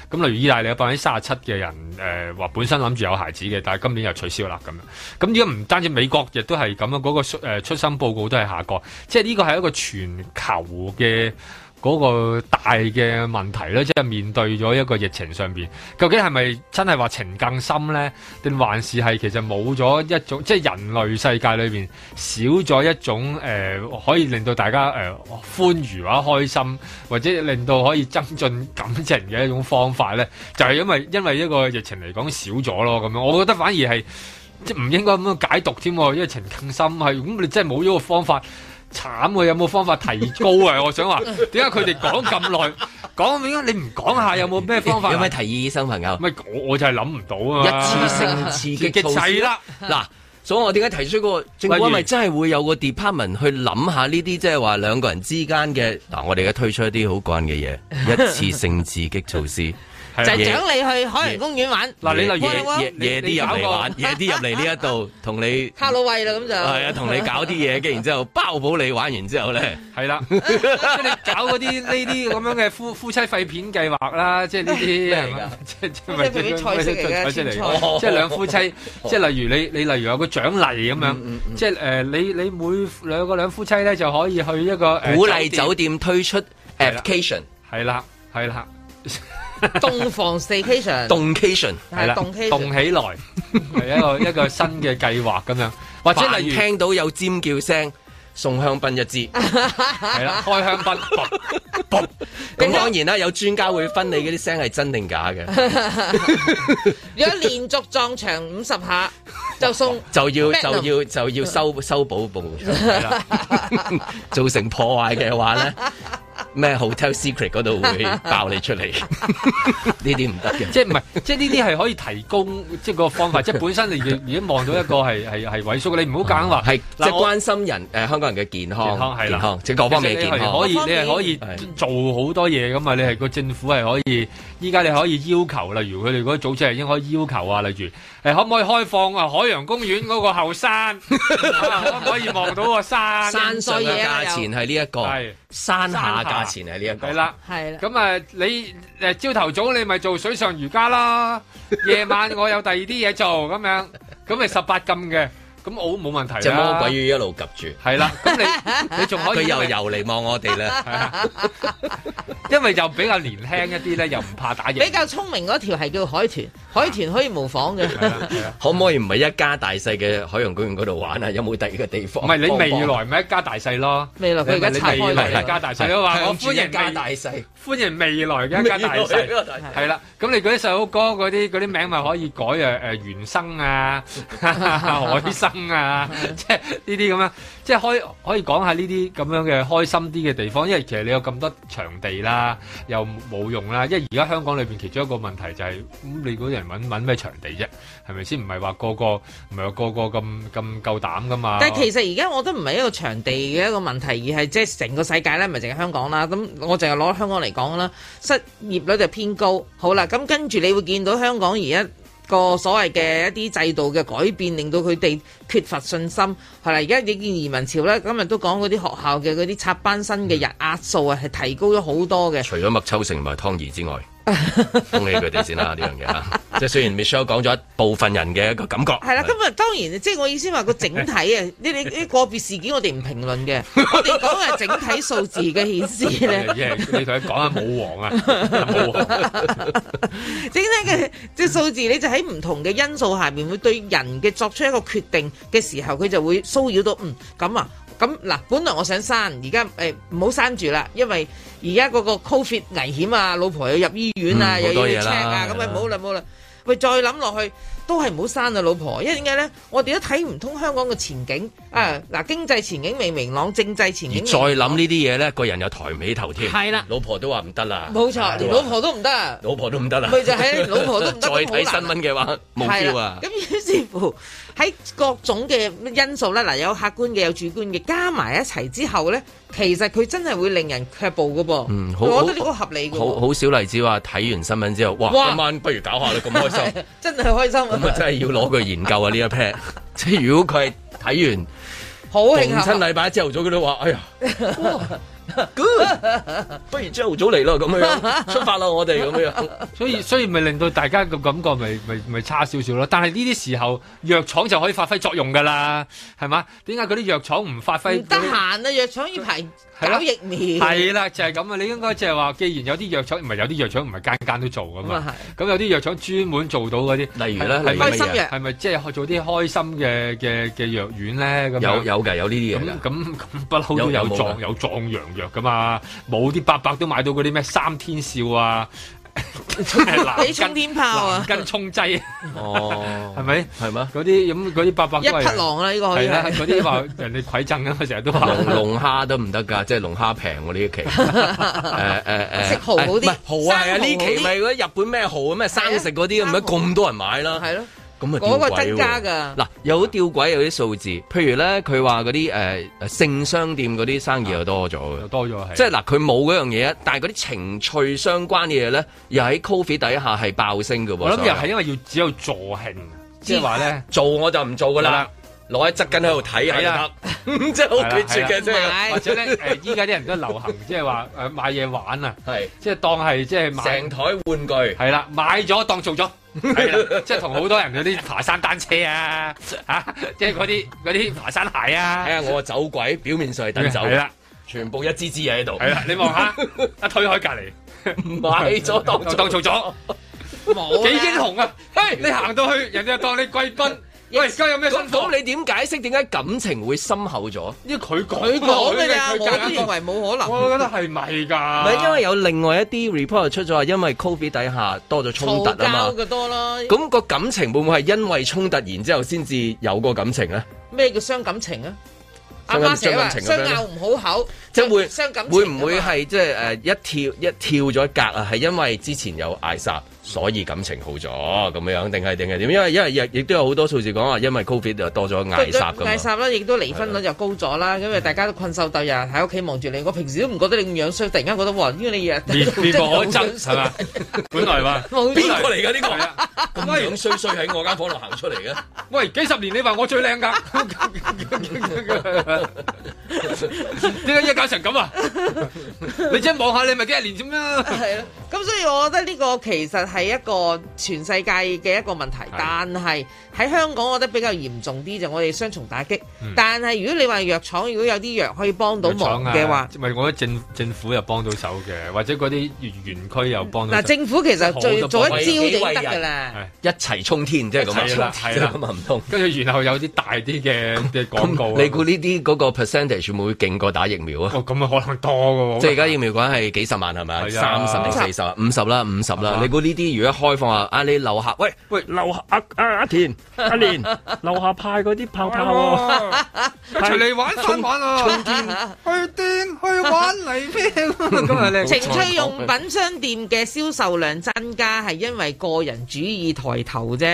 咁例如意大利有百分之三十七嘅人，誒、呃、話本身諗住有孩子嘅，但係今年又取消啦咁樣，咁如果唔單止美國亦都係咁樣嗰、個出誒出生報告都係下降，即係呢個係一個全球嘅。嗰個大嘅問題咧，即係面對咗一個疫情上邊，究竟係咪真係話情更深呢？定還是係其實冇咗一種，即係人類世界裏邊少咗一種誒、呃，可以令到大家誒歡愉或者開心，或者令到可以增進感情嘅一種方法呢？就係、是、因為因為一個疫情嚟講少咗咯，咁樣我覺得反而係即唔應該咁樣解讀添喎，因為情更深係咁，你真係冇咗個方法。慘喎，有冇方法提高啊？我想話，點解佢哋講咁耐？講，點解你唔講下有冇咩方法、啊有？有咩提議，醫生朋友？唔係我，我就係諗唔到啊！一次性刺激措施啦，嗱， [laughs] 所以我點解提出嗰個政府咪喂真係會有個 department 去諗下呢啲即係話兩個人之間嘅嗱、啊，我哋而家推出一啲好慣嘅嘢，一次性刺激措施。就獎你去海洋公園玩嗱，你例如夜啲入嚟玩，夜啲入嚟呢一度同你卡路喂啦，咁就係啊，同你搞啲嘢嘅，然之後包保你玩完之後咧，係啦，即係搞嗰啲呢啲咁樣嘅夫夫妻肺片計劃啦，即係呢啲咩啊？即係即係啲菜式嚟，即係兩夫妻，即係例如你你例如有個獎勵咁樣，即係誒，你你每兩個兩夫妻咧就可以去一個鼓勵酒店推出 application，係啦係啦。東房 station，動 cation 係啦，動動起來係一個一個新嘅計劃咁樣，或者你聽到有尖叫聲，送香檳一支係啦。開香檳咁當然啦，有專家會分你嗰啲聲係真定假嘅。如果連續撞牆五十下，就送就要就要就要修修補補造成破壞嘅話咧。咩 hotel secret 嗰度會爆你出嚟？呢啲唔得嘅，即係唔係，即係呢啲係可以提供，即係個方法，即係本身你如果望到一個係係係萎縮，你唔好講話係，即係關心人誒，香港人嘅健康，健康係啦，即係各方面嘅健康，可以你係可以做好多嘢㗎嘛。你係個政府係可以，依家你可以要求，例如佢哋嗰啲組織係應該要求啊，例如誒，可唔可以開放啊？海洋公園嗰個後山，可唔可以望到個山，山水嘅價錢係呢一個。山下價錢係呢一句啦，係啦下。咁啊，你誒朝頭早你咪做水上瑜伽啦，夜 [laughs] 晚我有第二啲嘢做，咁樣，咁咪十八禁嘅。咁我冇問題啦！隻魔鬼魚一路及住，係啦。咁你你仲可以佢又游嚟望我哋咧，因為又比較年輕一啲咧，又唔怕打人。比較聰明嗰條係叫海豚，海豚可以模仿嘅。可唔可以唔係一家大細嘅海洋公園嗰度玩啊？有冇第二個地方？唔係你未來咪一家大細咯？未來佢一齊嚟係一家大細。我話我歡迎一家大細，歡迎未來嘅一家大細。係啦，咁你嗰啲細佬哥嗰啲嗰啲名咪可以改啊？誒原生啊，海生。嗯、啊，的即係呢啲咁樣，即係可以可以講下呢啲咁樣嘅開心啲嘅地方，因為其實你有咁多場地啦，又冇用啦。因為而家香港裏邊其中一個問題就係、是嗯，你嗰啲人揾揾咩場地啫？係咪先？唔係話個個唔係話個個咁咁夠膽㗎嘛？但係其實而家我都唔係一個場地嘅一個問題，而係即係成個世界咧，唔係淨係香港啦。咁我淨係攞香港嚟講啦，失業率就偏高。好啦，咁跟住你會見到香港而家。個所謂嘅一啲制度嘅改變，令到佢哋缺乏信心。係啦，而家你見移民潮咧，今日都講嗰啲學校嘅嗰啲插班生嘅入額數啊，係提高咗好多嘅。除咗麥秋成同埋湯怡之外。 [laughs] 恭喜佢哋先啦，呢樣嘢啊！即係雖然 Michelle 講咗一部分人嘅一個感覺，係啦 [laughs] 是。今日當然，即係我意思話個整體啊，呢 [laughs] 你你個別事件我哋唔評論嘅，我哋講係整體數字嘅顯示咧。即係 [laughs] [laughs] 你同佢講下冇王啊，冇王。 [laughs] [laughs] 整體嘅即係數字，你就喺唔同嘅因素下面，會對人嘅作出一個決定嘅時候，佢就會騷擾到嗯咁啊。咁嗱，本來我想刪，而家誒唔好刪住啦，因為而家嗰個 COVID 危險啊，老婆又入醫院啊，嗯、又有啲 check 啊，咁咪冇好啦，唔好的啦。喂，再諗落去都係唔好刪啊，老婆。因為點解咧？我哋都睇唔通香港嘅前景啊！嗱，經濟前景未明朗，政制前景而再諗呢啲嘢咧，個人又抬唔起頭添。係啦的，老婆都話唔得啦。冇錯錯，老婆都唔得。老婆都唔得啦。佢 [laughs] 就係老婆都唔得。 [laughs] 再睇新聞嘅話，冇 [laughs] 料啊。咁於是，是乎。喺各種嘅因素咧，嗱有客觀嘅有主觀嘅，加埋一齊之後咧，其實佢真係會令人卻步嘅噃。嗯，我覺得呢個合理嘅。好好少例子話睇完新聞之後，哇！哇今晚不如搞下你咁 [laughs] 開心。 [laughs] 真係開心。咁啊，真係要攞佢研究啊呢 [laughs] 一 pat，即係如果佢係睇完好慶祝親禮拜朝頭早佢都話：哎呀。 [laughs] [laughs] Good. [laughs] 不如朝早嚟咯，咁樣出發咯，我哋咁樣。 [laughs] 所以，所以咪令到大家個感覺咪咪咪差少少咯。但係呢啲時候，藥廠就可以發揮作用噶啦，係嘛？點解嗰啲藥廠唔發揮？唔得閒啊，藥廠依排。 [laughs] 攪疫苗，係啦，就係咁啊！你應該即係話，既然有啲藥廠唔係，有啲藥廠唔係間間都做㗎嘛，咁、嗯、有啲藥廠專門做到嗰啲，例如咧，係，係咪開心藥，係咪即係做啲開心嘅嘅嘅藥丸咧？有有嘅，有呢啲嘅。咁咁不嬲都有壯有壯陽藥噶嘛，冇啲伯伯都買到嗰啲咩三天笑啊！你沖天炮啊？跟沖劑哦，係咪？係嘛？嗰啲咁啲八百一匹狼啦，呢個係啦。嗰啲話人哋饋贈啊，我成日都話龍龍蝦都唔得噶，即係龍蝦平喎呢期。誒誒誒，食蚝好啲，蚝係啊，呢期咪嗰啲日本咩蚝咁啊，生食嗰啲咁啊，咁多人買啦。係咯。咁啊，嗰個增加㗎，嗱有吊詭有啲數字，譬如咧佢話嗰啲誒誒性商店嗰啲生意又多咗嘅，多咗係，即係嗱佢冇嗰樣嘢，但係嗰啲情趣相關嘅嘢咧，又喺 COVID 底下係爆升嘅。我諗又係因為要只有助興，即係話咧做我就唔做㗎啦。攞喺側跟喺度睇下啊，即係好決絕嘅，即係或者咧，誒，依家啲人都流行即係話誒買嘢玩啊，係即係當係即係買成台玩具，係啦，買咗當做咗，即係同好多人嗰啲爬山單車啊，吓，即係嗰啲啲爬山鞋啊，睇下我走鬼，表面上係等走，啦，全部一支支喺度，係啦，你望下，一推開隔籬，買咗當當做咗，幾英雄啊，嘿，你行到去，人哋又當你貴賓。喂，而家有咩新講？咁你點解釋點解感情會深厚咗？因為佢講，佢講嘅呀，我都認為冇可能。我覺得係咪㗎？唔係因為有另外一啲 report 出咗話，因為 Covid 底下多咗衝突啊嘛。吵架嘅多啦。咁個感情會唔會係因為衝突，然之後先至有個感情咧？咩叫傷感情啊？阿媽成日話，相拗唔好口，即會傷感情。會唔會係即係誒一跳一跳咗一格啊？係因為之前有嗌殺？所以感情好咗咁樣定係定係點？因為因為亦都有好多數字講話，因為 Covid 就多咗嗌殺咁。嗌殺啦，亦都離婚率就高咗啦。因為，大家都困獸鬥，日喺屋企望住你。我平時都唔覺得你咁樣衰，突然間覺得哇，呢個你日即係好真實啊！本來話邊個嚟噶呢個？咁樣衰衰喺我間房度行出嚟嘅？喂，幾十年你話我最靚噶？點解一加成咁啊？你真係望下你咪幾廿年啫嘛？係咯。咁所以我覺得呢個其實。係一個全世界嘅一個問題，是的 但係。喺香港，我覺得比較嚴重啲就我哋雙重打擊。但係如果你話藥廠如果有啲藥可以幫到忙嘅話，唔係我覺得政政府又幫到手嘅，或者嗰啲園區又幫到手。嗱，政府其實做一招就得㗎啦，一齊沖天即係咁啦，係咁啊唔通？跟住然後有啲大啲嘅嘅廣告，你估呢啲嗰個 percentage 會唔會勁過打疫苗啊？咁啊可能多㗎喎，即係而家疫苗講係幾十萬係咪三十四十、五十啦、五十啦，你估呢啲如果開放啊啊，你樓下喂喂樓下啊啊阿田。阿蓮樓下派嗰啲泡泡，一齊嚟玩春晚啊！充電去癲去玩嚟咩？情趣用品商店嘅銷售量增加係因為個人主義抬頭啫，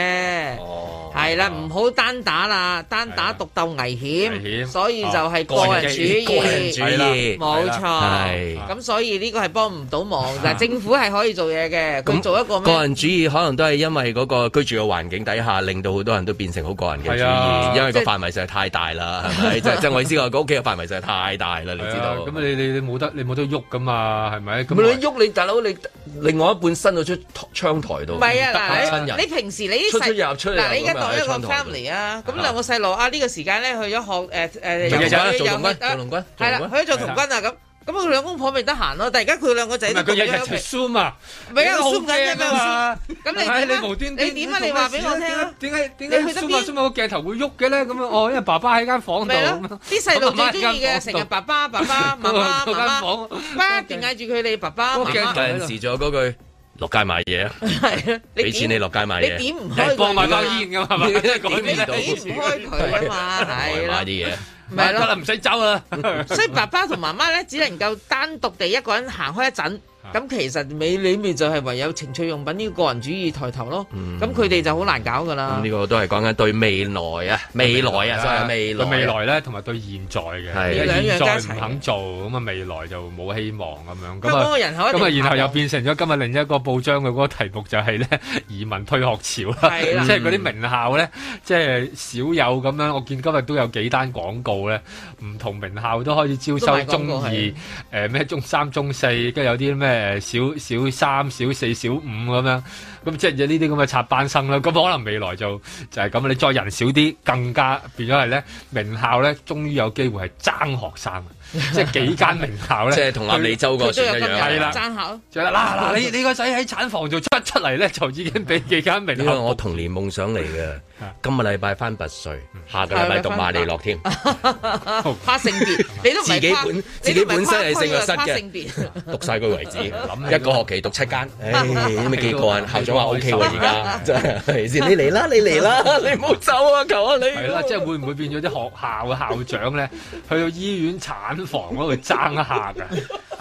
係啦，唔好單打啦，單打獨鬥危險，所以就係個人主義，冇錯，咁所以呢個係幫唔到忙。嗱，政府係可以做嘢嘅，咁做一個咩？個人主義可能都係因為嗰個居住嘅環境底下令到。好多人都變成好個人嘅主義，因為個範圍實在太大啦，係咪？即即我意思話，個屋企嘅範圍實在太大啦，你知道？咁你你你冇得，你冇得喐㗎嘛，係咪？咁你喐你大佬，你另外一半伸咗出窗台度，唔係啊？嗱，你你平時你出出入入出嚟，嗱，你而家當一個 family 啊，咁兩個細路啊，呢個時間咧去咗學誒誒，做又做龍軍，係啦，去咗做童軍啊咁。咁佢兩公婆咪得閒咯，但係而家佢兩個仔唔係佢日日出 zoom 啊，咪一個好驚啊嘛，咁你點啊？你點啊？你話俾我聽啊？點解點解 zoom 啊 zoom 啊個鏡頭會喐嘅咧？咁樣哦，因為爸爸喺間房度，咪咯，啲細路最中意嘅，成日爸爸爸爸媽媽媽媽，一定嗌住佢哋爸爸媽媽。嗰陣時仲有嗰句落街買嘢啊，係啊，俾錢你落街買嘢，你點唔開？放埋包煙㗎係嘛？你你俾唔開佢啊嘛？係啦，買啲嘢。咪係咯，唔使走啦。 [music] 所以爸爸同媽媽咧，只能夠單獨地一個人行開一陣。咁其實美裏面就係唯有情趣用品呢個個人主義抬頭咯，咁佢哋就好難搞噶啦。呢個都係講緊對未來啊，未來啊，就係未來。未來咧，同埋對現在嘅，因為現在唔肯做，咁啊未來就冇希望咁樣。咁人口。咁啊，然後又變成咗今日另一個報章嘅嗰個題目就係咧移民退學潮啦，即係嗰啲名校咧，即係少有咁樣。我見今日都有幾單廣告咧，唔同名校都開始招收中二、誒咩中三、中四，跟住有啲咩。誒，小小三、小四、小五咁樣，咁即係就呢啲咁嘅插班生啦。咁可能未來就就係咁，你再人少啲，更加變咗係咧，名校咧終於有機會係爭學生，即係幾間名校咧。即係同阿美洲嗰一樣。係啦、啊，爭校、啊。就啦啦，你你個仔喺產房就出出嚟咧，就已經俾幾間名校。可能我童年夢想嚟嘅。今個禮拜翻拔萃，下個禮拜讀瑪利諾添，跨 [laughs] 性別別，你都 [laughs] 自己本自己本身係性個新嘅， [laughs] 讀晒佢為止， [laughs] 一個學期讀七間，唉、 [laughs] 哎，咁咪幾過癮？校長話 O K 喎，而家真係，你嚟啦，你嚟啦，你唔好走啊，求下你！係啦、 [laughs] [laughs] 啊，即係會唔會變咗啲學校嘅校長咧，去到醫院產房嗰度爭下噶、啊？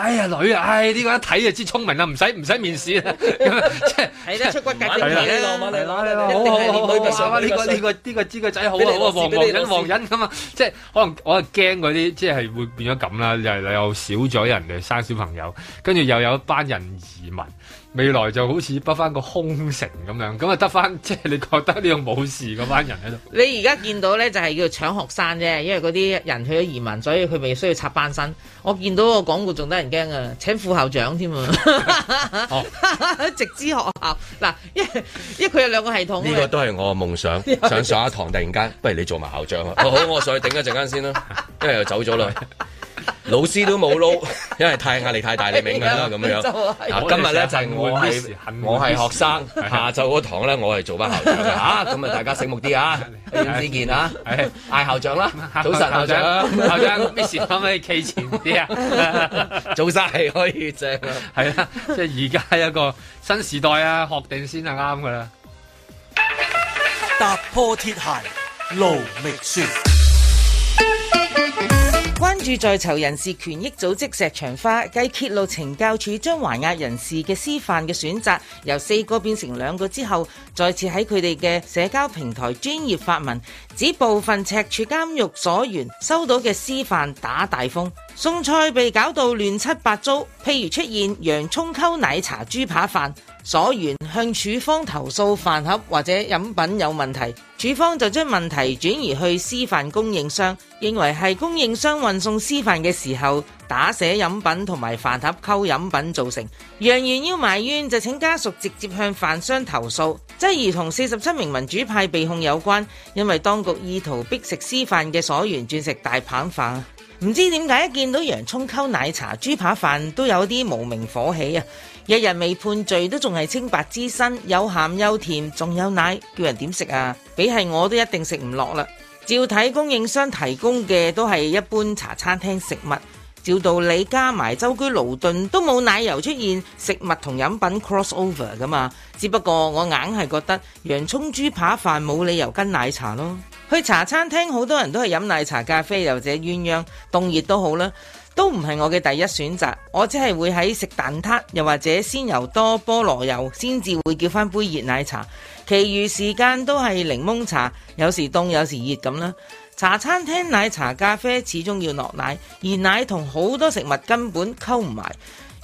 哎呀女啊！哎呢、啊啊這個一睇就知聰明啦，唔使唔使面試啦。睇得出骨格嘅嘢啦，攞嚟攞嚟攞。好好好好好，呢個呢個呢個知個仔好啊！旺旺人旺人咁啊！即係可能我係驚嗰啲，即係會變咗咁啦。又少又少咗人哋生小朋友，跟住又有一班人移民。未來就好似北翻個空城咁樣，咁啊得翻，即係你覺得呢個冇事嗰班人喺度。你而家見到咧就係叫搶學生啫，因為嗰啲人去咗移民，所以佢未需要插班生。我見到個廣告仲得人驚啊，請副校長添啊， [laughs] [laughs] 直資學校嗱， [laughs] 因因為佢有兩個系統。呢個都係我嘅夢想，又是 想上一堂突然間， [laughs] 不如你做埋校長啊，哦！好，我上去頂一陣間先啦， [laughs] 因為又走咗啦。 [laughs] 老師都冇撈，因為太壓力太大，你明噶啦咁樣。嗱，今日咧就係我係我係學生，下晝嗰堂咧我係做返校長吓，咁啊，大家醒目啲啊，見唔見啊？嗌校長啦，早晨校長，校長，miss 可唔可以企前啲啊？早晨係可以正，係啦，即係而家一個新時代啊，學定先係啱噶啦。踏破鐵鞋勞力絕。關注在囚人士權益組織石牆花，繼揭露懲教處將還押人士嘅師範嘅選擇由四個變成兩個之後，再次喺佢哋嘅社交平台專頁發文，指部分赤柱監獄所員收到嘅師範打大風，餸菜被搞到亂七八糟，譬如出現洋葱溝奶茶、豬扒飯。所員向署方投訴飯盒或者飲品有問題，署方就將問題轉移去私飯供應商，認為係供應商運送私飯嘅時候打寫飲品同埋飯盒溝飲品造成。楊員要埋怨就請家屬直接向飯商投訴，即係如同四十七名民主派被控有關，因為當局意圖逼食私飯嘅所員轉食大棒飯。唔知點解一見到洋葱溝奶茶、豬扒飯都有啲無名火氣啊！日日未判罪都仲係清白之身，有鹹有甜，仲有奶，叫人點食啊？比係我都一定食唔落啦。照睇供應商提供嘅都係一般茶餐廳食物，照道理加埋周居勞頓都冇奶油出現，食物同飲品 cross over 噶嘛。只不過我硬係覺得洋蔥豬扒飯冇理由跟奶茶咯。去茶餐廳好多人都係飲奶茶、咖啡，又或者鴛鴦凍熱都好啦。都唔係我嘅第一選擇，我只係會喺食蛋撻，又或者鮮油多菠蘿油，先至會叫返杯熱奶茶。其餘時間都係檸檬茶，有時凍有時熱咁啦。茶餐廳奶茶咖啡始終要落奶，而奶同好多食物根本溝唔埋。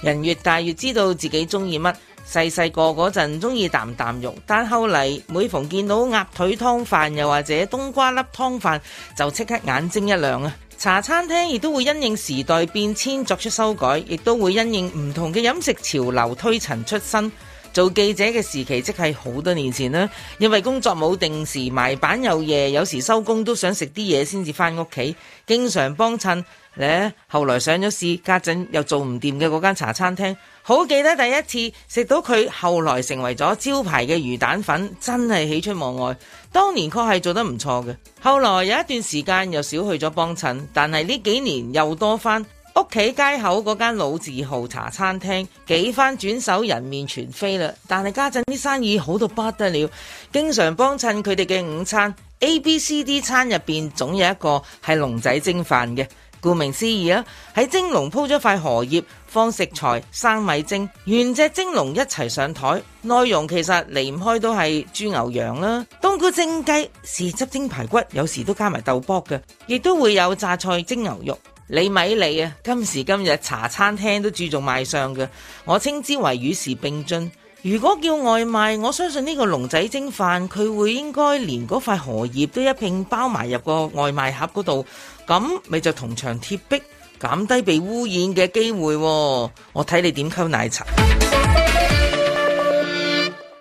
人越大越知道自己中意乜，細細個嗰陣中意啖啖肉，但後嚟每逢見到鴨腿湯飯，又或者冬瓜粒湯飯，就即刻眼睛一亮啊！茶餐廳亦都會因應時代變遷作出修改，亦都會因應唔同嘅飲食潮流推陳出新。做記者嘅時期即係好多年前啦，因為工作冇定時，埋板又夜，有時收工都想食啲嘢先至返屋企，經常幫襯。咧，後來上咗市，家陣又做唔掂嘅嗰間茶餐廳。好記得第一次食到佢，後來成為咗招牌嘅魚蛋粉，真係喜出望外。當年確係做得唔錯嘅。後來有一段時間又少去咗幫襯，但係呢幾年又多翻。屋企街口嗰間老字號茶餐廳，幾番轉手，人面全非啦。但係家陣啲生意好到不得了，經常幫襯佢哋嘅午餐 A、B、C、D 餐入邊總有一個係龍仔蒸飯嘅。顧名思義啊，喺蒸籠鋪咗塊荷葉，放食材生米蒸，原隻蒸籠一齊上枱。內容其實離唔開都係豬牛羊啦，冬菇蒸雞、豉汁蒸排骨，有時都加埋豆卜嘅，亦都會有榨菜蒸牛肉。你咪理啊，今時今日茶餐廳都注重賣相嘅，我稱之為與時並進。如果叫外賣，我相信呢個籠仔蒸飯佢會應該連嗰塊荷葉都一併包埋入個外賣盒嗰度，咁咪就銅牆鐵壁，減低被污染嘅機會。我睇你點溝奶茶。